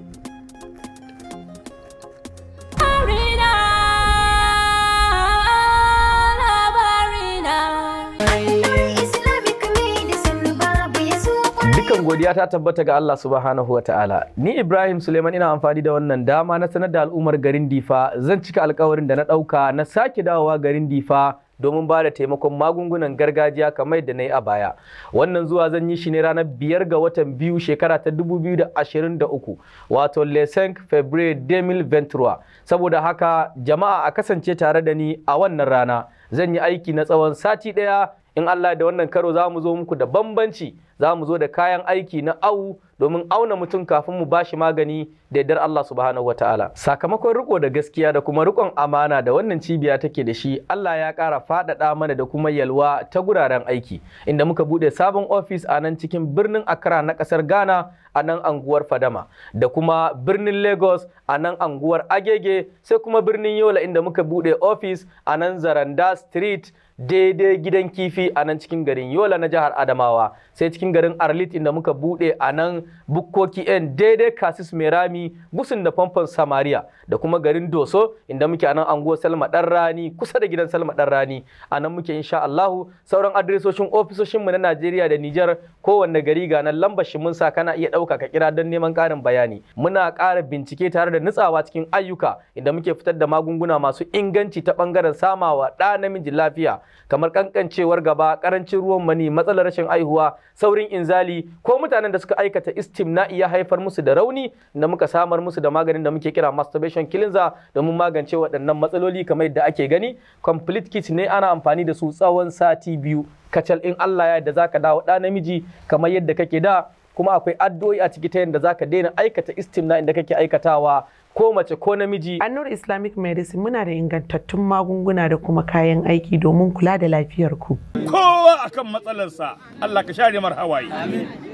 [SPEAKER 16] Dukan godiya ta tabbata ga Allah subhanahu wa ta'ala. Ni Ibrahim Suleiman ina amfani da wannan dama na sanar da al'ummar garin Difa zan cika alkawarin da na ɗauka na sake dawowa garin Difa domin ba da taimakon magungunan gargajiya kamar da na yi a baya. Wannan zuwa zan yi shi ne ranar biyar ga watan biyu shekara ta dubu da ashirin uku wato Le 5 February 2023. Saboda haka jama'a a kasance tare da ni a wannan rana. Zan yi aiki na tsawon sati ɗaya in Allah da wannan karo za mu zo muku da bambanci za mu zo da kayan aiki na au domin auna mutum kafin mu bashi magani da yardar Allah subhanahu wataala sakamakon riko da gaskiya da kuma rikon amana da wannan cibiya take da shi Allah ya ƙara faɗaɗa mana da kuma yalwa ta guraren aiki inda muka buɗe sabon ofis a nan cikin birnin Accra na ƙasar Ghana a nan anguwar Fadama da kuma birnin Lagos a nan anguwar Agege sai kuma birnin Yola inda muka buɗe ofis a nan Zaranda Street daidai gidan kifi a nan cikin garin Yola na jihar Adamawa sai cikin garin Arlit inda muka buɗe a nan Bukkoki N daidai Kasis Merami gusun da famfon Samaria da kuma garin Doso inda muke a nan anguwar Salma Dan Rani kusa da gidan Salma Dan Rani a nan muke insha Allahu sauran adresoshin mu na Najeriya da niger kowanne gari ga nan lambar shi mun sa kana iya ɗauka ka kira don neman ƙarin bayani muna ƙara bincike tare da nutsawa cikin ayyuka inda muke fitar da magunguna masu inganci ta ɓangaren samawa ɗa namiji lafiya kamar ƙanƙancewar gaba ƙarancin ruwan mani matsalar rashin aihuwa saurin inzali ko mutanen da suka aikata istim na iya haifar musu da rauni da muka samar musu da maganin da muke kira masturbation cleanser domin magance waɗannan matsaloli kamar yadda ake gani complete kit ne ana amfani da su tsawon sati biyu kacal in Allah ya yarda zaka dawo ɗa namiji kamar yadda kake da kuma akwai addu'o'i a ciki ta yadda zaka daina aikata istimna inda kake aikatawa ko mace ko namiji. Annur Islamic
[SPEAKER 17] Medicine muna da ingantattun magunguna da kuma kayan aiki domin kula da lafiyar ku.
[SPEAKER 9] Kowa akan matsalarsa Allah ka share mar hawaye.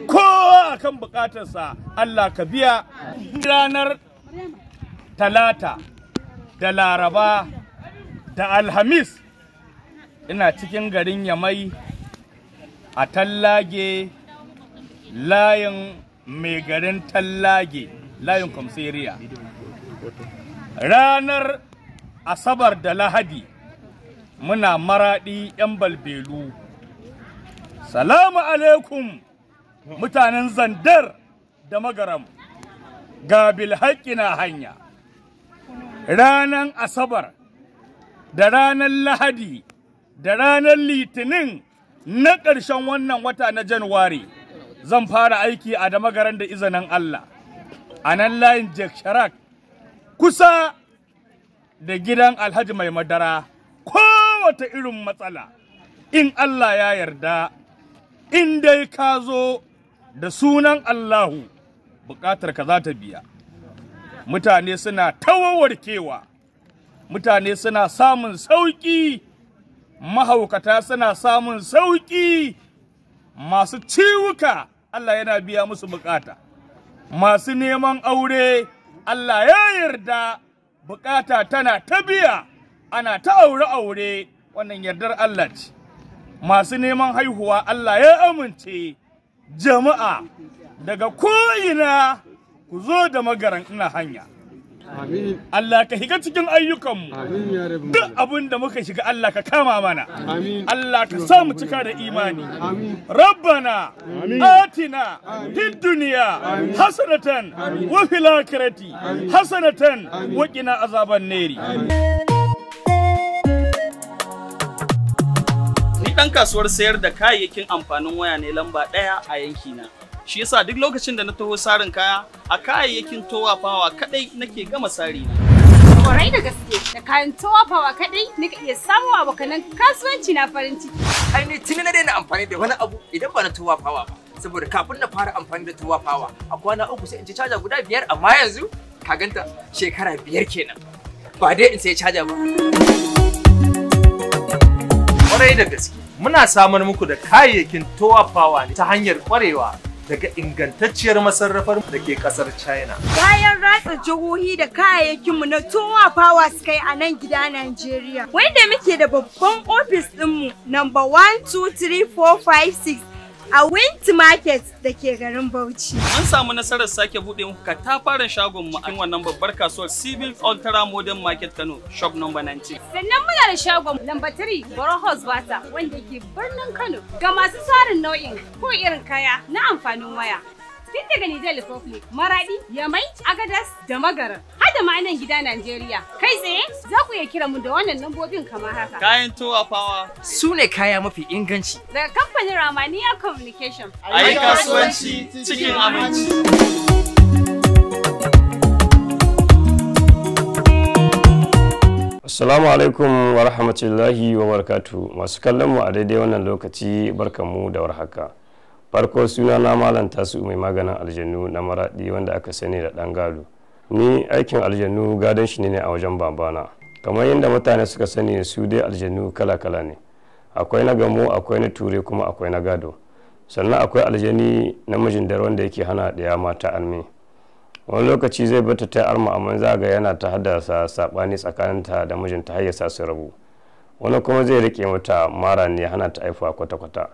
[SPEAKER 9] Kowa akan bukatarsa Allah ka biya. Ranar Talata da Laraba da Alhamis ina cikin garin Yamai a Tallage layin mai garin tallage layin kwamseriya ranar asabar da lahadi muna maraɗi 'yan balbelu salamu alaikum mutanen zandar da magaram ga bilhaƙi na hanya ranar asabar da ranar lahadi da ranar litinin na ƙarshen wannan wata na januwari zan fara aiki a damagaran da izinin Allah a nan layin Jack Sharak kusa da gidan Alhaji mai madara kowace irin matsala in Allah ya yarda in dai ka zo da sunan Allahu buƙatar ka za ta biya mutane suna tawawarkewa mutane suna samun sauƙi mahaukata suna samun sauƙi masu ciwuka Allah yana biya musu bukata masu neman aure Allah ya yarda bukata tana ta biya ana ta aure aure wannan yardar Allah ce masu neman haihuwa Allah ya amince jama'a daga ko'ina ku zo da magaran ina hanya Allah ka higa cikin ayyukanmu duk abin da muka shiga Allah ka kama mana Allah ka sa mu cika da imani rabbana atina fid duniya hasanatan wa fil akhirati hasanatan wa qina azaban nari ni ɗan kasuwar sayar da kayayyakin amfanin waya ne lamba ɗaya a yankina shi yasa duk lokacin da na taho sarin kaya a kayayyakin towa fawa kadai nake gama sari na kwarai da
[SPEAKER 18] gaske da kayan towa fawa kadai nika iya samu abokanan kasuwanci na farin ciki ai ne
[SPEAKER 4] tuni na daina amfani da wani abu idan ba na towa fawa ba saboda kafin na fara amfani da towa fawa a kwana uku sai in ci caja guda biyar amma yanzu ka ganta shekara biyar kenan ba
[SPEAKER 15] dai in sai caja ba kwarai da gaske muna samar muku da kayayyakin towa ne ta hanyar kwarewa daga ingantacciyar masarrafar
[SPEAKER 17] da ke kasar China.
[SPEAKER 2] Bayan ratsa jihohi da kayayyakinmu na Towa Power Sky a nan gida Najeriya, wanda muke da babban ofis ɗinmu number
[SPEAKER 14] 12345 a Wint Market da ke garin Bauchi.
[SPEAKER 9] An samu nasarar sake buɗe fara shagon mu a wannan babbar kasuwar Civil Ultra Modern Market Kano, shop number 19. Sannan
[SPEAKER 18] muna da shagon lamba 3 Boro House Bata wanda ke birnin Kano ga masu tsarin nau'in ko irin kaya na amfanin waya. Tun daga Nijar Republic, Maradi, Yamai, Agadas da magara Hada ma nan gida Najeriya. Kai tsaye za ku iya kira mu da wannan lambobin kamar haka.
[SPEAKER 9] Kayan towa fawa. Su ne kaya mafi inganci.
[SPEAKER 18] Daga kamfanin Ramaniya Communication. Ayi
[SPEAKER 1] kasuwanci
[SPEAKER 18] cikin aminci.
[SPEAKER 19] Assalamu alaikum wa rahmatullahi wa barakatu masu kallon mu a daidai wannan lokaci barkanmu da warhaka. farko suna na malam tasu mai maganin aljannu na maraɗi wanda aka sani da ɗan gado ni aikin aljannu gadon shi ne a wajen babana kamar yadda mutane suka sani su dai aljannu kala-kala ne akwai na gamo akwai na ture kuma akwai na gado sannan akwai aljani namijin da wanda yake hana ɗaya mata almi wani lokaci zai bata ta arma amma za ga yana ta haddasa saɓani tsakaninta da mijinta har ya sa su rabu wani kuma zai rike mata mara ne hana ta haifa kwata-kwata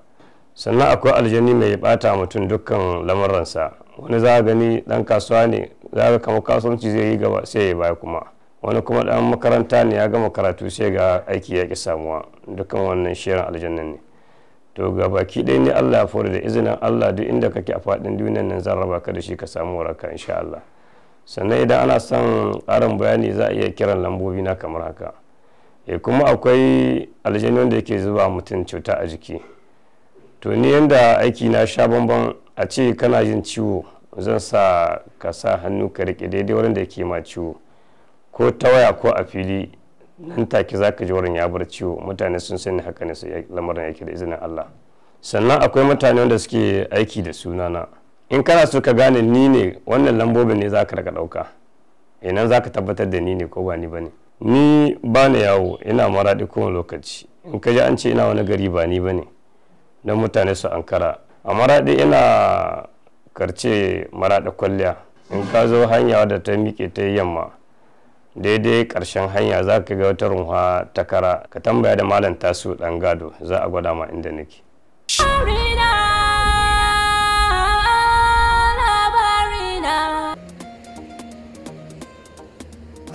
[SPEAKER 19] sannan akwai aljani mai bata mutum dukkan lamuransa wani za gani dan kasuwa ne za ga kamar kasuwanci zai yi gaba sai ya baya kuma wani kuma dan makaranta ne ya gama karatu sai ga aiki ya ki samuwa dukkan wannan shirin aljannan ne to ga baki ɗaya ne Allah ya fara da izinin Allah duk inda kake a fadin duniyar nan zan raba ka da shi ka samu waraka insha Allah sannan idan ana son ƙarin bayani za a iya kiran lambobi na kamar haka e kuma akwai aljani wanda yake zuba mutum cuta a jiki to ni yanda aiki na sha bamban a ce kana jin ciwo zan sa ka sa hannu ka rike daidai wurin da ke ma ciwo ko ta waya ko a fili nan take za ka ji wurin ya bar ciwo mutane sun sani haka ne su lamarin yake da izinin Allah sannan akwai mutane wanda suke aiki da sunana in kana so ka gane ni ne wannan lambobin ne za ka raka ɗauka inan za ka tabbatar da ni ne ko ba ni ba ne ni ba yawo ina maraɗi kowane lokaci in ka ji an ce ina wani gari ba ni ba ne na mutane su ankara a maraɗi ina karce maraɗa kwalliya in ka zo hanya da ta miƙe ta yamma daidai ƙarshen hanya za ka ga wata runwa ta kara ka tambaya da malam tasu ɗan gado za a gwada ma inda nake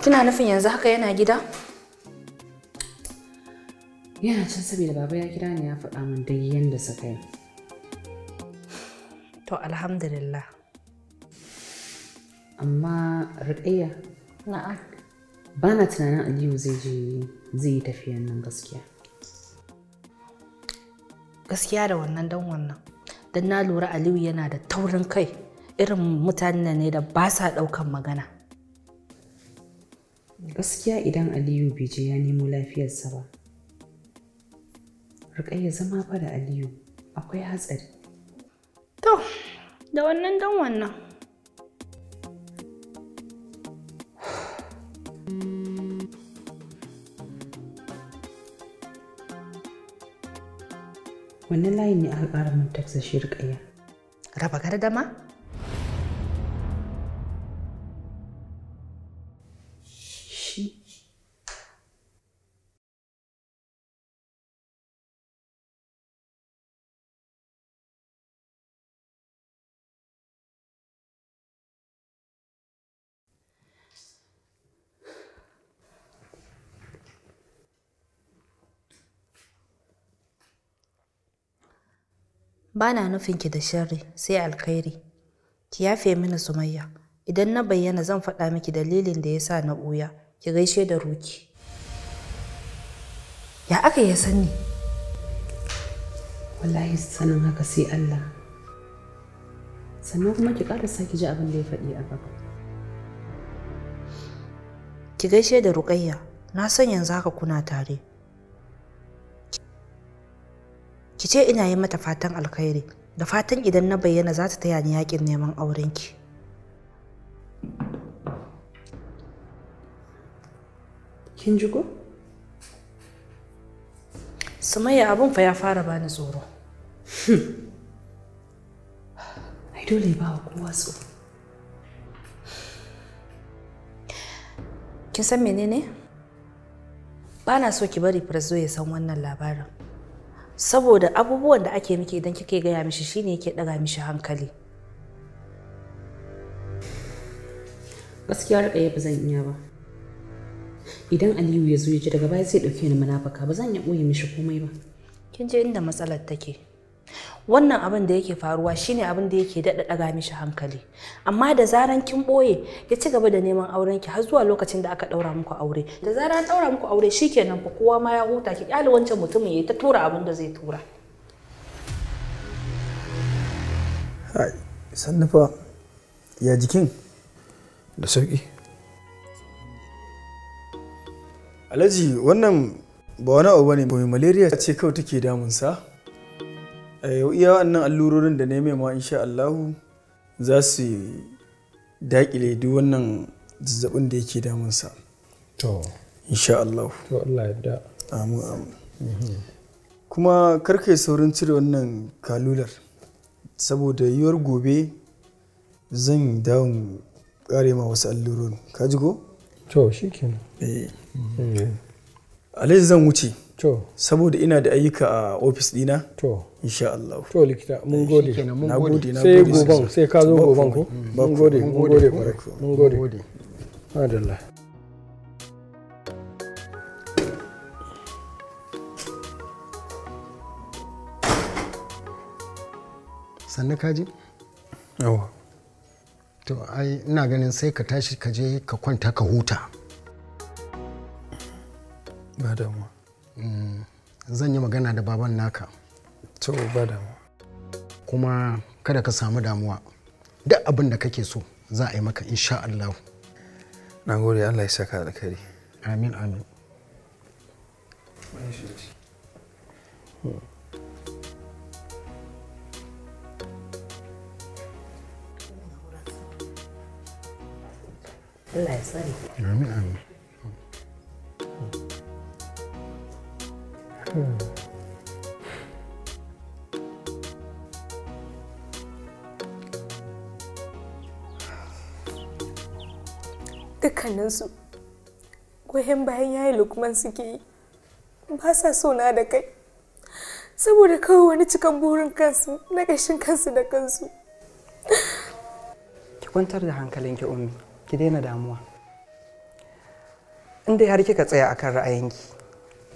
[SPEAKER 14] kina nufin yanzu haka yana gida? yana can saboda baba ya kira ni ya faɗa min dai yadda suka yi to alhamdulillah amma riƙayya na'am ba na tunanin aliyu zai je zai yi tafiyan nan gaskiya gaskiya da wannan dan wannan don na lura aliyu yana da taurin kai irin mutanen ne da ba sa ɗaukan magana gaskiya idan
[SPEAKER 2] aliyu bai je ya nemo lafiyarsa ba ya zama fa da aliyu akwai hatsari
[SPEAKER 14] to da wannan dan wannan
[SPEAKER 4] wannan layin ne aka ƙara min taxa shi raba
[SPEAKER 14] gardama ba na nufin ki da sharri sai alkhairi ki yafe mini sumayya idan na bayyana zan faɗa miki dalilin da ya sa na ɓuya ki gaishe da ruki ya aka ya sani wallahi sanin haka sai allah sannan kuma ki ƙara sake ji abin da ya faɗi a gaba ki gaishe da ruƙayya na san yanzu haka kuna tare ki ce ina yi mata fatan alkhairi da fatan idan na bayyana za ta taya ni yakin neman aurenki kin ji ko sumayya abin fa ya fara bani tsoro hmm. ai dole ba kowa tsoro kin san menene ba na so ki bari firzo ya san wannan labarin saboda abubuwan da ake miki idan kike gaya mishi shine yake ɗaga mishi hankali gaskiya rika ba zan iya ba idan aliyu ya zo ya ji daga baya zai ɗauke ni munafaka ba zan iya ɓoye mishi komai ba kin je inda matsalar take wannan abin da yake faruwa shine abin da yake daɗa ɗaga mishi hankali amma da zaran kin ɓoye ya ci gaba da neman auren ki har zuwa lokacin da aka ɗaura muku aure da zaran ɗaura muku aure shikenan fa kowa ma ya huta ki ƙyale wancan mutumin ya ta tura abin da zai tura
[SPEAKER 3] sannufa ya jikin da sauƙi
[SPEAKER 5] alhaji wannan ba wani abu bane malaria ce kawai take damunsa Eh, iya wannan allurorin da na ma insha Allahu za su daƙile duk wannan zazzabin da yake damunsa to insha Allahu to Allah ya da amu amu kuma karkai saurin cire wannan kalular saboda yiwuwar gobe zan dawo kare ma wasu allurorin ka ji ko to eh mhm. alai zan wuce to saboda ina da ayyuka a ofis dina to insha Allah to likita mun gode na gode na gode sai gobe sai ka zo gobe ko mun gode mun gode mun gode adalla sannan kaji? yawa to ai ina ganin sai ka tashi ka je ka kwanta ka huta ba damuwa Mm, zan yi magana da baban naka to ba damuwa kuma kada ka samu damuwa duk abin da kake so za a yi maka insha Allah
[SPEAKER 3] na gode Allah ya saka alkhairi amin
[SPEAKER 5] amin
[SPEAKER 10] Allah ya sani.
[SPEAKER 12] Amin amin.
[SPEAKER 2] Dukkaninsu, goyon bayan yayi lukman suke yi, ba sa sona da kai, saboda kawai wani cikan burin kansu na ƙashin kansu da kansu.
[SPEAKER 12] Ki kwantar da hankalinki, Ummi, ki daina damuwa. In dai har kika tsaya akan ra'ayinki,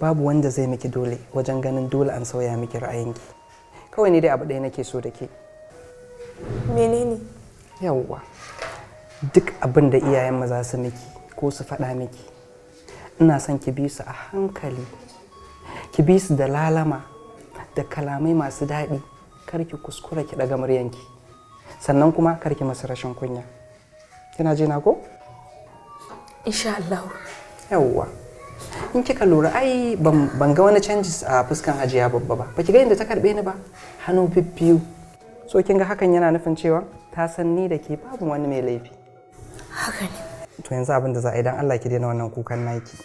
[SPEAKER 12] babu wanda zai miki dole wajen ganin dole an sauya miki ra'ayinki kawai ne dai abu ɗaya nake so da ke menene yawwa duk abin da iyayen maza su miki ko su faɗa miki ina son ki bi su a hankali ki bi su da lalama da kalamai masu daɗi kar ki kuskura ki ɗaga muryanki sannan kuma kar ki masu rashin kunya kina ji na ko insha Allah yawwa in kika lura ai ban ga wani canjis a fuskan hajiya babba ba ba ki ga inda ta karbe ni ba hannu fiffiyu so kin ga hakan yana nufin cewa ta san ni da ke babu wani mai laifi haka ne to yanzu abin da za a yi dan Allah ki daina wannan kukan naki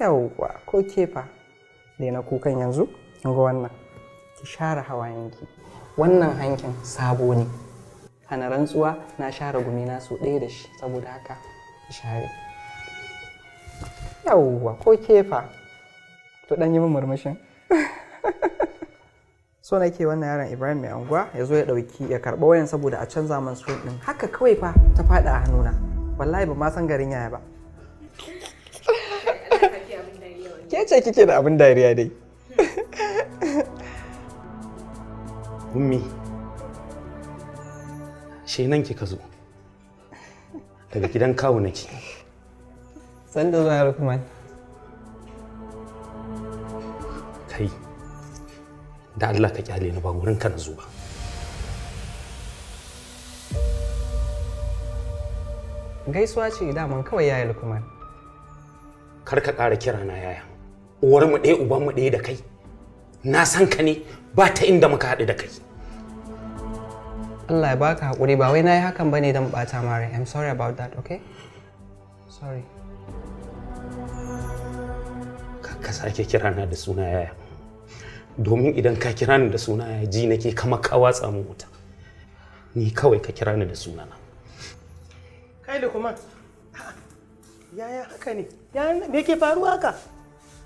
[SPEAKER 12] yawwa ko ke fa? daina kukan yanzu kin ga wannan ki share hawayenki wannan hankin sabo ne hana rantsuwa na share gumi na so ɗaya da shi saboda haka ki share yawwa ko kefa to dan yi murmushin so na ke wannan yaron ibrahim mai anguwa ya zo ya dauki ya karba wayan saboda a canza man su din haka kawai fa ta fada a hannuna wallahi ba ma san garin yaya ba ke ce kike da abin dariya dai
[SPEAKER 8] ummi nan
[SPEAKER 11] kika zo daga gidan na
[SPEAKER 12] san da zuwa Lukman.
[SPEAKER 11] Kai, da Allah ka kyale ni ba gurin ka na ba.
[SPEAKER 12] Gaisuwa ce daman kawai yaya Lukman.
[SPEAKER 11] Kar ka kara kira na yaya. Uwar mu ɗaya uban mu ɗaya da kai. Na san ka ne ba ta inda muka haɗu da kai.
[SPEAKER 12] Allah ya baka haƙuri ba wai na yi hakan bane don ɓata mara. I'm sorry about that, okay? Sorry.
[SPEAKER 11] ka sake kira na da suna yaya domin idan ka kira ni da suna yaya ji nake kama ka watsa mu wuta ni kawai ka kira ni da
[SPEAKER 6] suna na kai kuma yaya haka ne yaya me ke faruwa haka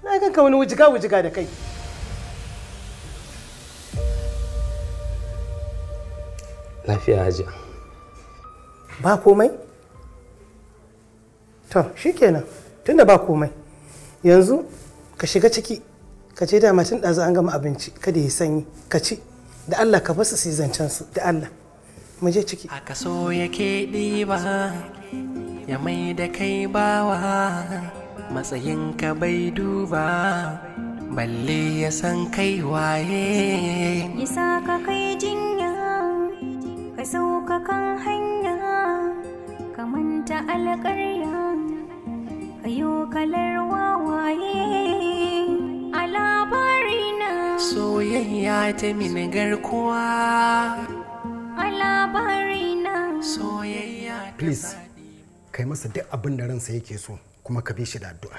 [SPEAKER 6] na ka wani wujiga wujiga da kai
[SPEAKER 11] lafiya hajiya
[SPEAKER 6] ba komai to shikenan tunda ba komai yanzu ka shiga ciki ka ce da matin ɗazu an gama abinci kada ya sanyi ka ci da Allah ka basu su zancen su da Allah mu je ciki a kaso
[SPEAKER 1] yake ɗiba ya mai da kai bawa ka bai duba balle ya san kai waye
[SPEAKER 4] isa ka kai jinya ka sauka kan
[SPEAKER 2] hanya ka manta alƙarya ka yi
[SPEAKER 1] kalar wawaye soyayya ta mini garkuwa labarina soyayya
[SPEAKER 5] please kai masa duk abin da ransa yake so kuma ka bi shi da addu'a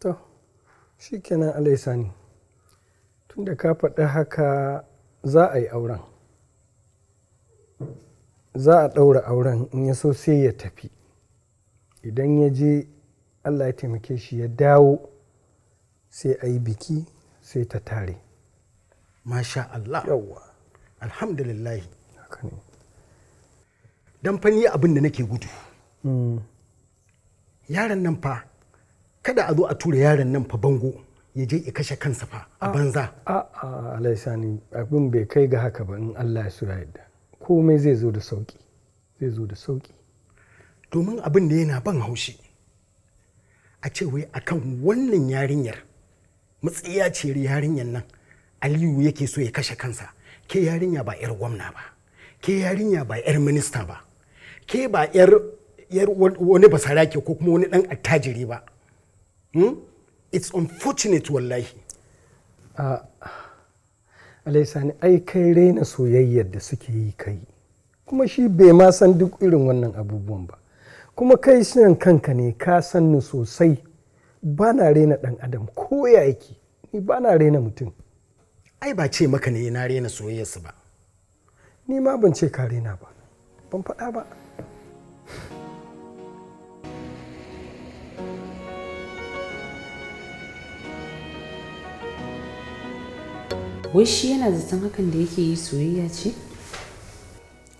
[SPEAKER 5] to shikenan alai sani tunda ka faɗi haka za a yi auren za a ɗaura auren in ya so sai ya tafi idan ya je allah ya taimake shi ya dawo sai a yi biki sai ta tare masha Allah yawwa alhamdulillah dan fa ni abin da nake gudu mm. yaron nan fa kada a zo a tura yaron nan fa bango ya je ya kashe kansa fa a banza a a alaisani abin bai kai ga haka ba in Allah ya sura yadda komai zai zo da sauki zai zo da sauki domin abin da yana ban haushi a ce wai akan wannan yarinyar matsiya ce yarinyar nan aliyu yake so ya kashe kansa ke yarinya ba 'yar gwamna ba ke yarinya ba 'yar minista ba ke ba 'yar wani basarake ko kuma wani dan attajiri ba hmm? it's unfortunate wallahi alaisani ai kai raina soyayyar da suke yi kai kuma shi bai ma san duk irin wannan abubuwan ba kuma kai shan kanka ne ka ni sosai ba na rena ɗan adam ko ya yake ni ba na rena mutum ai ba ce maka ne na rena soyayyarsa ba ni ma ban ce ka rena ba ban faɗa ba
[SPEAKER 14] wai shi yana zaton hakan da yake yi soyayya ce?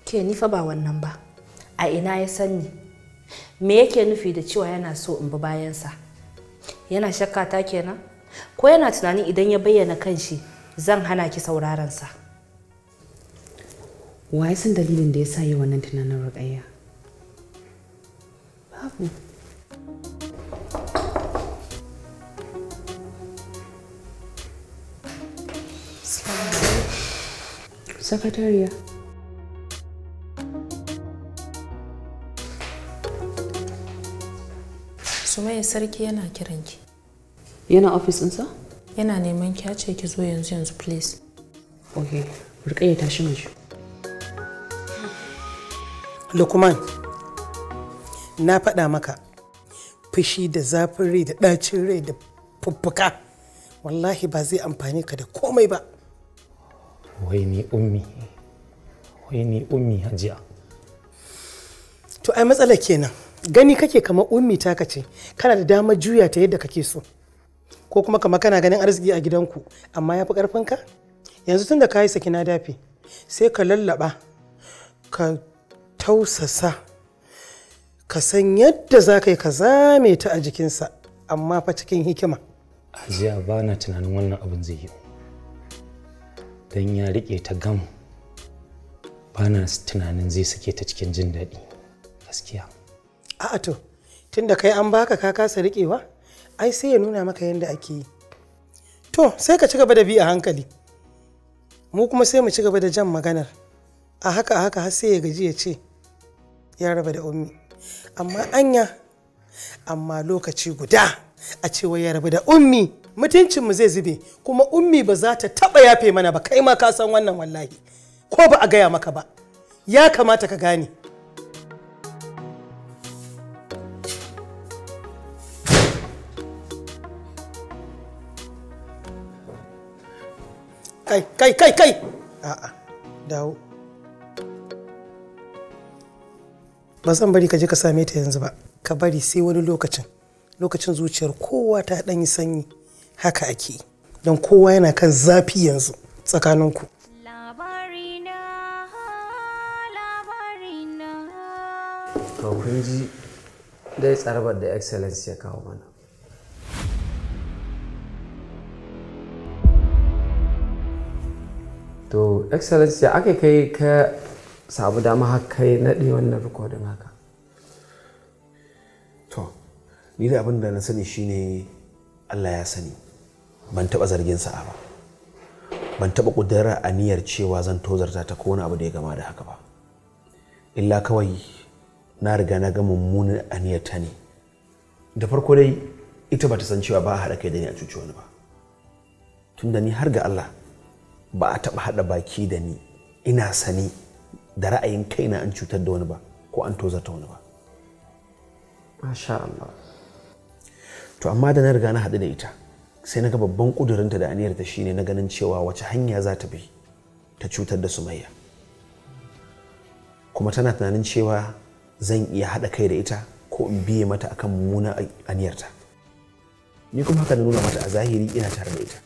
[SPEAKER 14] ke ni fa ba wannan ba a ina ya ni? me yake nufi da cewa yana so in bi bayansa yana shakka ta kenan ko yana tunanin idan ya bayyana kanshi zan hana ki sauraron sa
[SPEAKER 4] wa san dalilin da ya sa yi wannan tunanin rukayya
[SPEAKER 11] babu
[SPEAKER 2] sakatariya Sumaye
[SPEAKER 14] sarki yana kiranki.
[SPEAKER 11] Yana ofis ɗinsa?
[SPEAKER 14] Yana neman ki ce ki zo yanzu yanzu
[SPEAKER 6] please. Okay, ya tashi mu ji. Lukman, na faɗa maka fushi da zafin rai da ɗacin rai da fuffuka wallahi ba zai amfani ka da komai ba.
[SPEAKER 11] Wai ni ummi, wai ni ummi hajiya.
[SPEAKER 6] To ai matsala kenan. gani kake kamar ummi taka ce kana da damar juya ta yadda kake so ko kuma kama kana ganin arziki a gidanku amma ya fi ka yanzu tun da kayi yi saki na dafi sai ka lallaba ka tausasa ka san yadda za ka yi ka zame ta a jikinsa amma fa cikin hikima
[SPEAKER 11] ajiya ba na tunanin wannan abin zai yi don ya riƙe ta gam ba na tunanin zai sake ta cikin jin daɗi gaskiya
[SPEAKER 6] a'a to tunda kai an baka ka kasa riƙewa ai sai ya nuna maka yadda ake yi to sai ka ci gaba da bi a hankali mu kuma sai mu ci gaba da jan maganar a haka a haka har sai ya gaji ya ce ya raba da ummi amma anya amma lokaci guda a cewa ya rabu da ummi mutuncinmu zai zube kuma ummi ba za ta taɓa yafe mana ba kai ma ka san wannan wallahi ko ba a gaya maka ba ya kamata ka gane kai kai kai kai a'a dawo ba zan bari ka je ka same ta yanzu ba ka bari sai wani lokacin lokacin zuciyar kowa ta dan yi sanyi haka ake don kowa yana kan zafi yanzu tsakaninku
[SPEAKER 17] to kun ji dai tsarabar da excellence ya kawo mana to excellency ya aka kai ka samu dama haka
[SPEAKER 11] ya naɗe wannan rikodin haka
[SPEAKER 7] to ni da abin da na sani shine allah ya sani ban taɓa zargin sa'a ba ban taɓa a aniyar cewa zan tozarta ta ko wani abu da ya gama da haka ba illa kawai na riga na ga mummunan aniyar ta ne da farko dai ita ba ta san cewa ba a haɗa kai da ni a cuci wani ba tunda ni har ga allah ba a taɓa haɗa baki da ni ina sani da ra'ayin kaina an cutar da wani ba ko an tozarta wani ba
[SPEAKER 13] masha Allah
[SPEAKER 7] to amma da na riga na haɗu da ita sai na ga babban ƙudurinta da aniyarta shine na ganin cewa wace hanya za ta bi ta cutar da sumayya kuma tana tunanin cewa zan iya haɗa kai da ita ko in biye mata akan mummunan aniyarta ni kuma haka na nuna mata a zahiri ina tare da ita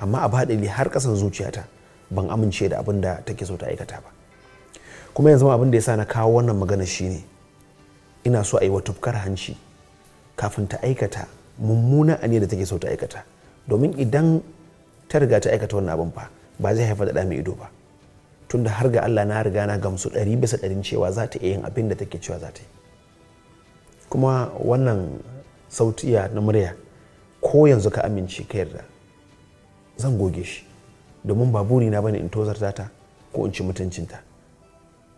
[SPEAKER 7] amma a baɗali har ƙasan zuciyata ban amince da abin da take so ta aikata ba kuma yanzu abin da ya sa na kawo wannan magana ne ina so a yi wa tufkar hanci kafin ta aikata mummuna aniyar da take so ta aikata domin idan ta riga ta aikata wannan abin fa ba zai haifar da mai ido ba tunda har ga Allah na riga na gamsu ɗari bisa ɗarin cewa za ta iya yin abin da take cewa za ta yi kuma wannan sautiya na murya ko yanzu ka amince ka yarda zan goge shi domin ba burina bane in tozarta ta ko in ci mutuncinta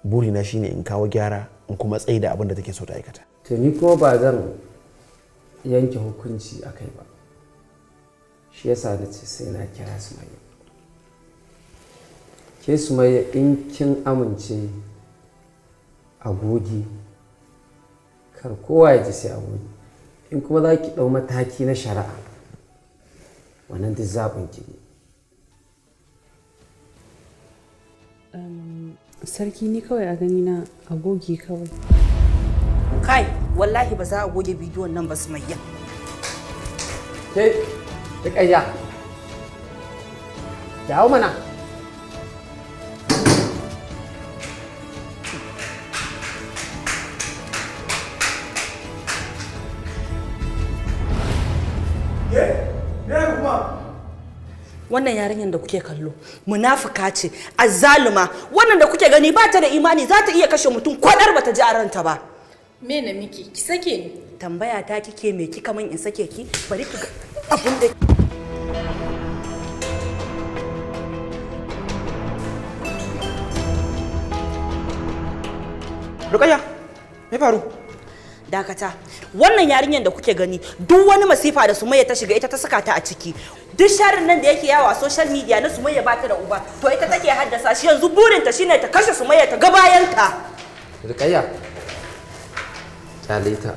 [SPEAKER 7] burina shine in kawo gyara in kuma tsaye da abin da take so ta aikata
[SPEAKER 11] to ni ko ba zan yanke hukunci akai ba shi yasa na ce sai na kira sumayya ke sumayya in kin amince a goge kar kowa ya ji sai goge in kuma za ki ɗau mataki na shari'a wannan duk zaɓin ki
[SPEAKER 14] ne sarki ni kawai a gani na
[SPEAKER 17] agogi kawai
[SPEAKER 14] kai wallahi ba za a goge bidiyon nan ba su mai yan
[SPEAKER 17] ke ta ƙayya
[SPEAKER 4] dawo mana
[SPEAKER 14] wannan yarinyar da kuke kallo munafuka ce azzaluma wannan da kuke gani ba ta da imani za ta iya kashe mutum kwadar ba ta ji a ranta ba me na miki ki sake ni tambaya ta kike me kika min in sake ki bari ki abun da Rukaya, me faru? dakata wannan yarinyar da kuke gani duk wani masifa da sumayya ta shiga ita ta saka ta a ciki duk sharin nan da yake yawo a social media na sumayya ba ta da uba to ita take haddasa shi yanzu burinta shine ta kashe sumayya ta ta
[SPEAKER 17] rikayya talita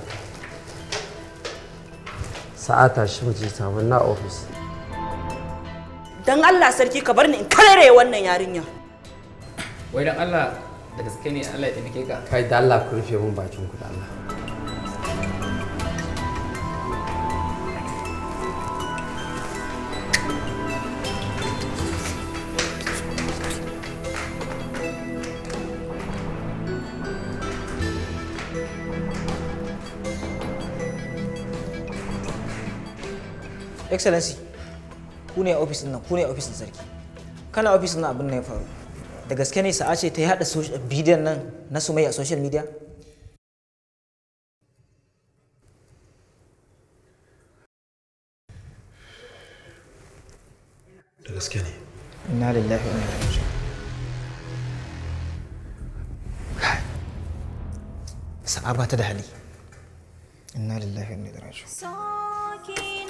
[SPEAKER 17] sa'ata shi muje samu na ofis
[SPEAKER 14] dan Allah sarki ka bar ni in karere wannan yarinya
[SPEAKER 2] wai dan Allah da gaske ne Allah ya taimake ka
[SPEAKER 14] kai
[SPEAKER 13] da Allah ku rufe mun bakin ku da Allah
[SPEAKER 4] excellency ku ne ofis nan ku ne ofis sarki kana ofisin nan abin na ya faru da gaske ne sa'a ce ta yi haɗa bidiyon nan na su mai a social media
[SPEAKER 10] da gaske ne
[SPEAKER 6] inna lillahi wa da ilaihi sa'a ba ta da hali inna lillahi wa da ilaihi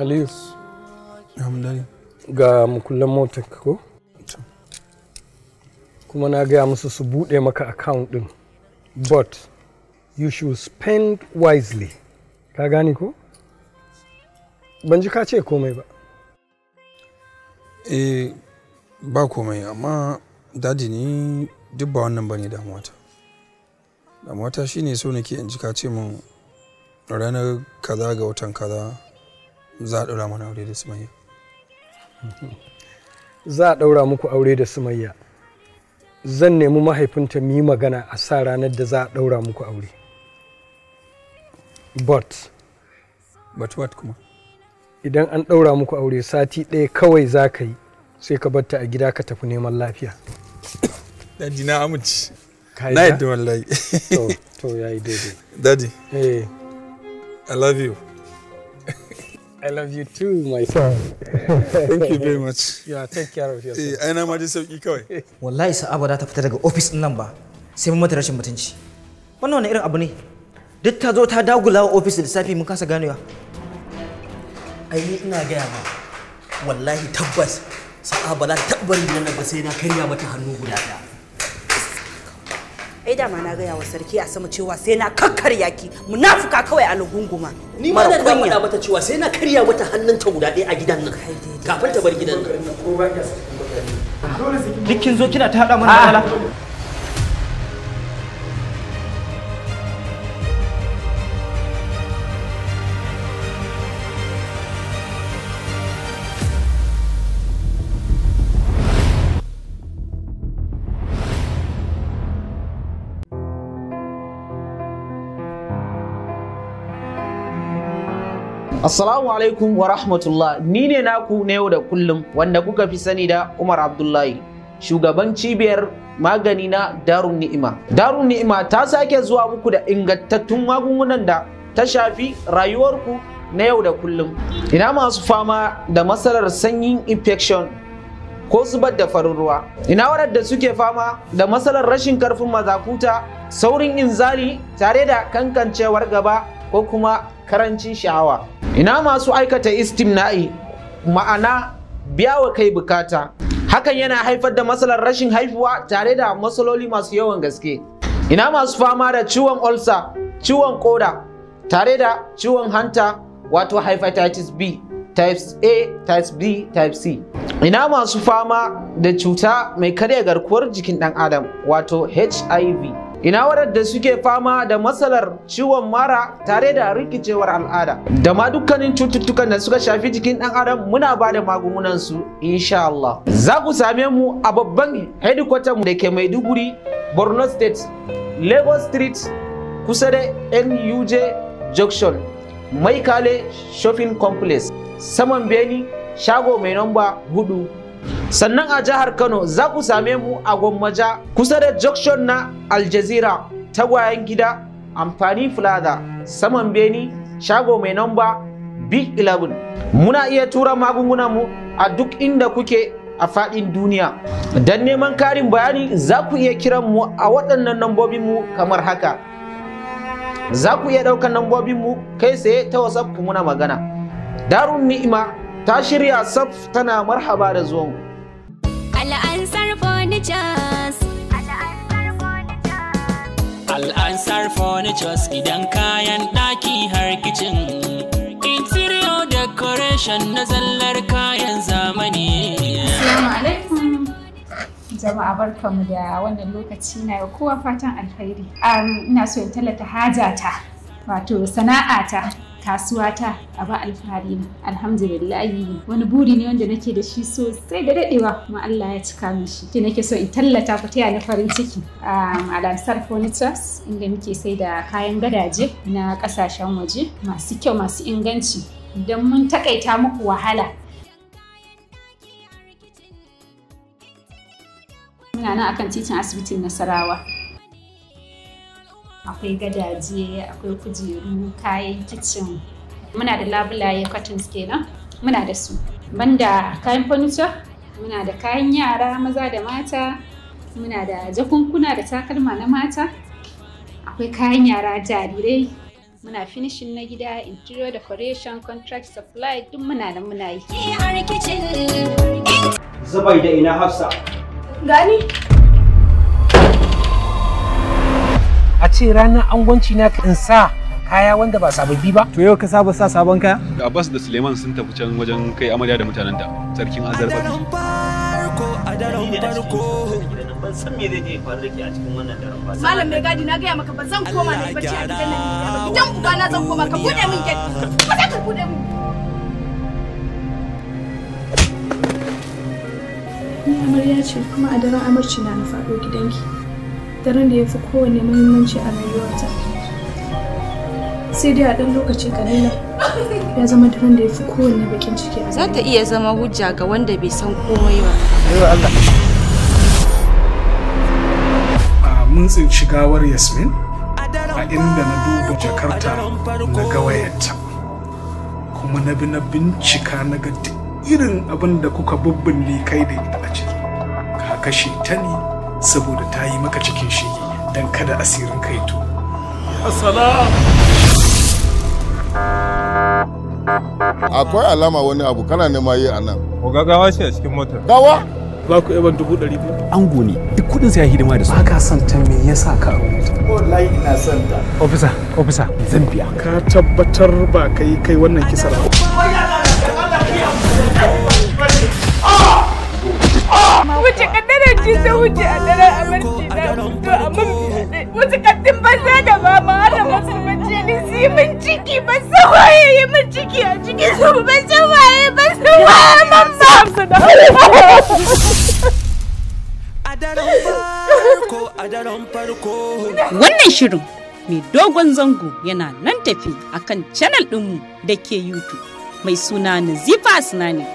[SPEAKER 3] Aliyu. Alhamdulillah.
[SPEAKER 5] Ga mukullan motar ko? Kuma na gaya musu su buɗe maka account ɗin. But you should spend wisely. Ka gane ko? Ban ji ka ce komai ba.
[SPEAKER 3] Eh ba komai amma dadi ni duk ba wannan bane damuwata. Damuwata shine so nake in ji ka ce min ranar kaza ga watan kaza za a ɗaura mana aure da sumayya
[SPEAKER 5] za a ɗaura muku aure da sumayya zan nemi mahaifinta mu yi magana a sa ranar da za a ɗaura muku aure but but what kuma idan an ɗaura muku aure sati ɗaya kawai za ka yi sai ka batta a gida ka tafi neman lafiya
[SPEAKER 3] daji na amince na yadda wallahi to yayi daidai daji eh i love you I love you too, my son. Thank you very much. Yeah, take care of yourself. Eh, ana ma dai sauki kawai.
[SPEAKER 4] Wallahi Sa'aba za ta fita daga office din nan ba. Sai mun mata rashin mutunci. Wannan wani irin abu ne? Duk ta zo ta dagula wa
[SPEAKER 13] office da safi mun kasa ganewa. Ai ni ina gaya ma. Wallahi tabbas Sa'aba za ta tabbarin nan ba sai na karya mata hannu guda ɗaya.
[SPEAKER 14] ai dama na gaya wa sarki a sama cewa sai na kakkarya yaki munafuka kawai a
[SPEAKER 13] lugunguma ni ma na da mata cewa sai na karya mata hannunta guda ɗaya a gidan nan kafin ta bar gidan nan ah. duk kin zo kina ta hada mana ah. matsala
[SPEAKER 17] Assalamu alaikum wa rahmatullah ni ne naku na yau da kullum wanda kuka fi sani da Umar Abdullahi shugaban cibiyar magani na Darun Ni'ima. Darun Ni'ima ta sake zuwa muku da ingantattun magungunan da ta shafi rayuwarku na yau da kullum. Ina masu fama da matsalar sanyin infection ko zubar da farin ruwa. Ina waɗanda suke fama da matsalar rashin karfin mazakuta, saurin inzali tare da kankancewar gaba ko kuma karancin sha'awa ina masu aikata istimna'i ma'ana biya wa kai bukata hakan yana haifar da matsalar rashin haifuwa tare da matsaloli masu yawan gaske ina masu fama da ciwon olsa ciwon koda tare da ciwon hanta wato hepatitis b types a types b types c ina masu fama da cuta mai karya garkuwar jikin ɗan adam wato hiv ina waɗanda suke fama da matsalar ciwon mara tare da rikicewar al'ada da ma dukkanin cututtukan da suka shafi jikin ɗan adam muna ba da magungunan su insha Allah za ku same mu a babban headquarter mu da ke Maiduguri Borno State Lagos Street kusa da NUJ Junction Maikale Shopping Complex saman Beni shago mai namba hudu sannan a jihar kano za ku same mu a gwammaja kusa da junction na aljazira tagwayen gida amfani plaza saman beni shago mai namba b11 muna iya tura magungunan mu a duk inda kuke a fadin duniya don neman karin bayani za ku iya kiran mu a waɗannan nambobin mu kamar haka za ku iya ɗaukar nambobin mu kai tsaye ta whatsapp ku muna magana darun ni'ima ta shirya saf tana marhaba da zuwanku
[SPEAKER 12] Al'ansar Furnitures.
[SPEAKER 13] Al'ansar Furnitures gidan kayan ɗaki har kicin. Interior decoration na zallar kayan zamani. Assalamu alaikum.
[SPEAKER 18] jama'a barkanmu da wannan lokaci na kowa fatan alkhairi ina so in tallata hajata wato sana'ata kasuwa ta a ba alfahari na alhamdulillahi wani buri ne wanda nake da shi sosai da dadewa kuma Allah ya cika min shi ki nake so in tallata ku ta na farin ciki a Lansar Furnitures inda muke sai da kayan gadaje na kasashen waje masu kyau masu inganci idan mun takaita muku wahala muna nan akan titin asibitin Nasarawa akwai gadaje akwai kujeru kayan kicin muna da labulaye curtains kenan muna da su banda kayan furniture muna da kayan yara maza da mata muna da jakunkuna da takalma na mata akwai kayan yara jarirai muna finishin na gida interior decoration contract supply duk muna da muna yi
[SPEAKER 12] zubai da ina hafsa
[SPEAKER 2] gani
[SPEAKER 17] a ce ranar angwanci na in sa kaya wanda ba sababbi
[SPEAKER 15] ba. To yau ka saba sa sabon kaya?
[SPEAKER 7] Abbas da Suleiman sun tafi can wajen kai amarya da mutanen mutanenta sarkin A
[SPEAKER 9] da Azarbaji. Malam mai
[SPEAKER 4] gadi na gaya maka ba zan koma na bacci a
[SPEAKER 9] gidan nan gidan
[SPEAKER 4] uba na zan koma ka
[SPEAKER 1] bude min gate
[SPEAKER 2] ba za ka bude min. Ni amarya ce kuma a daren amarci na na faɗo gidanki. daren da ya fi kowane muhimmanci a rayuwarta sai dai a ɗan lokaci kalila ya zama daren da ya fi kowane bakin ciki za ta iya zama hujja ga wanda bai san komai ba
[SPEAKER 10] mun tsinci gawar yasmin a inda na duba jakarta na gawayenta kuma na bi na bincika na ga irin abin da kuka bubbin kai da ita a ciki ka kashe ta ne saboda ta yi maka cikin shege don kada asirin ka to.
[SPEAKER 9] Asala!
[SPEAKER 5] Akwai alama wani abu kana nema yi a nan. ga gawa
[SPEAKER 10] shi a cikin motar. Gawa? Ba ku yaban dubu ɗari biyu. an ne, duk kuɗin sai ya hidima da su. Ba ka son ta me ya sa ka
[SPEAKER 15] Wallahi ina son ta.
[SPEAKER 10] Ofisa, ofisa, zan biya. Ka tabbatar ba kai kai wannan kisar.
[SPEAKER 2] shi ta wuce a daren amarci na amma wasu kattin banza da ba ma su yi min ciki
[SPEAKER 1] ba waye yi min ciki a cikin su ba waye ba waye man ba su da Wannan shirin
[SPEAKER 14] mai dogon zango yana nan tafi a kan canal ɗinmu da ke YouTube mai suna Nazifa Sinani.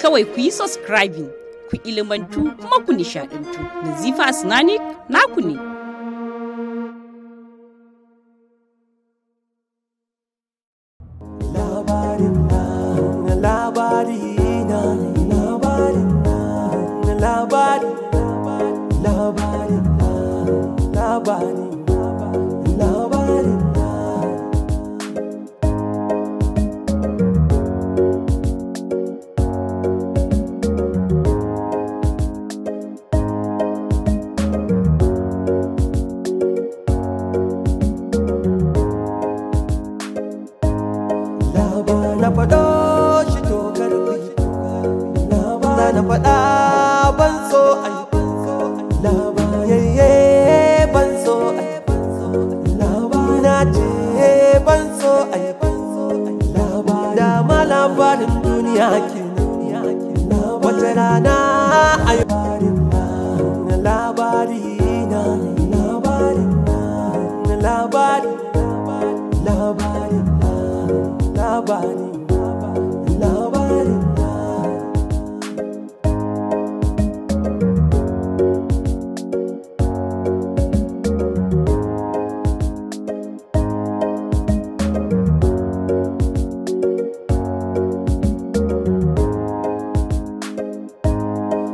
[SPEAKER 14] Kawai ku yi subscribing ku ilimantu kuma ku nishadantu. Nazifa Asnani naku ne.
[SPEAKER 1] Labarin na labari.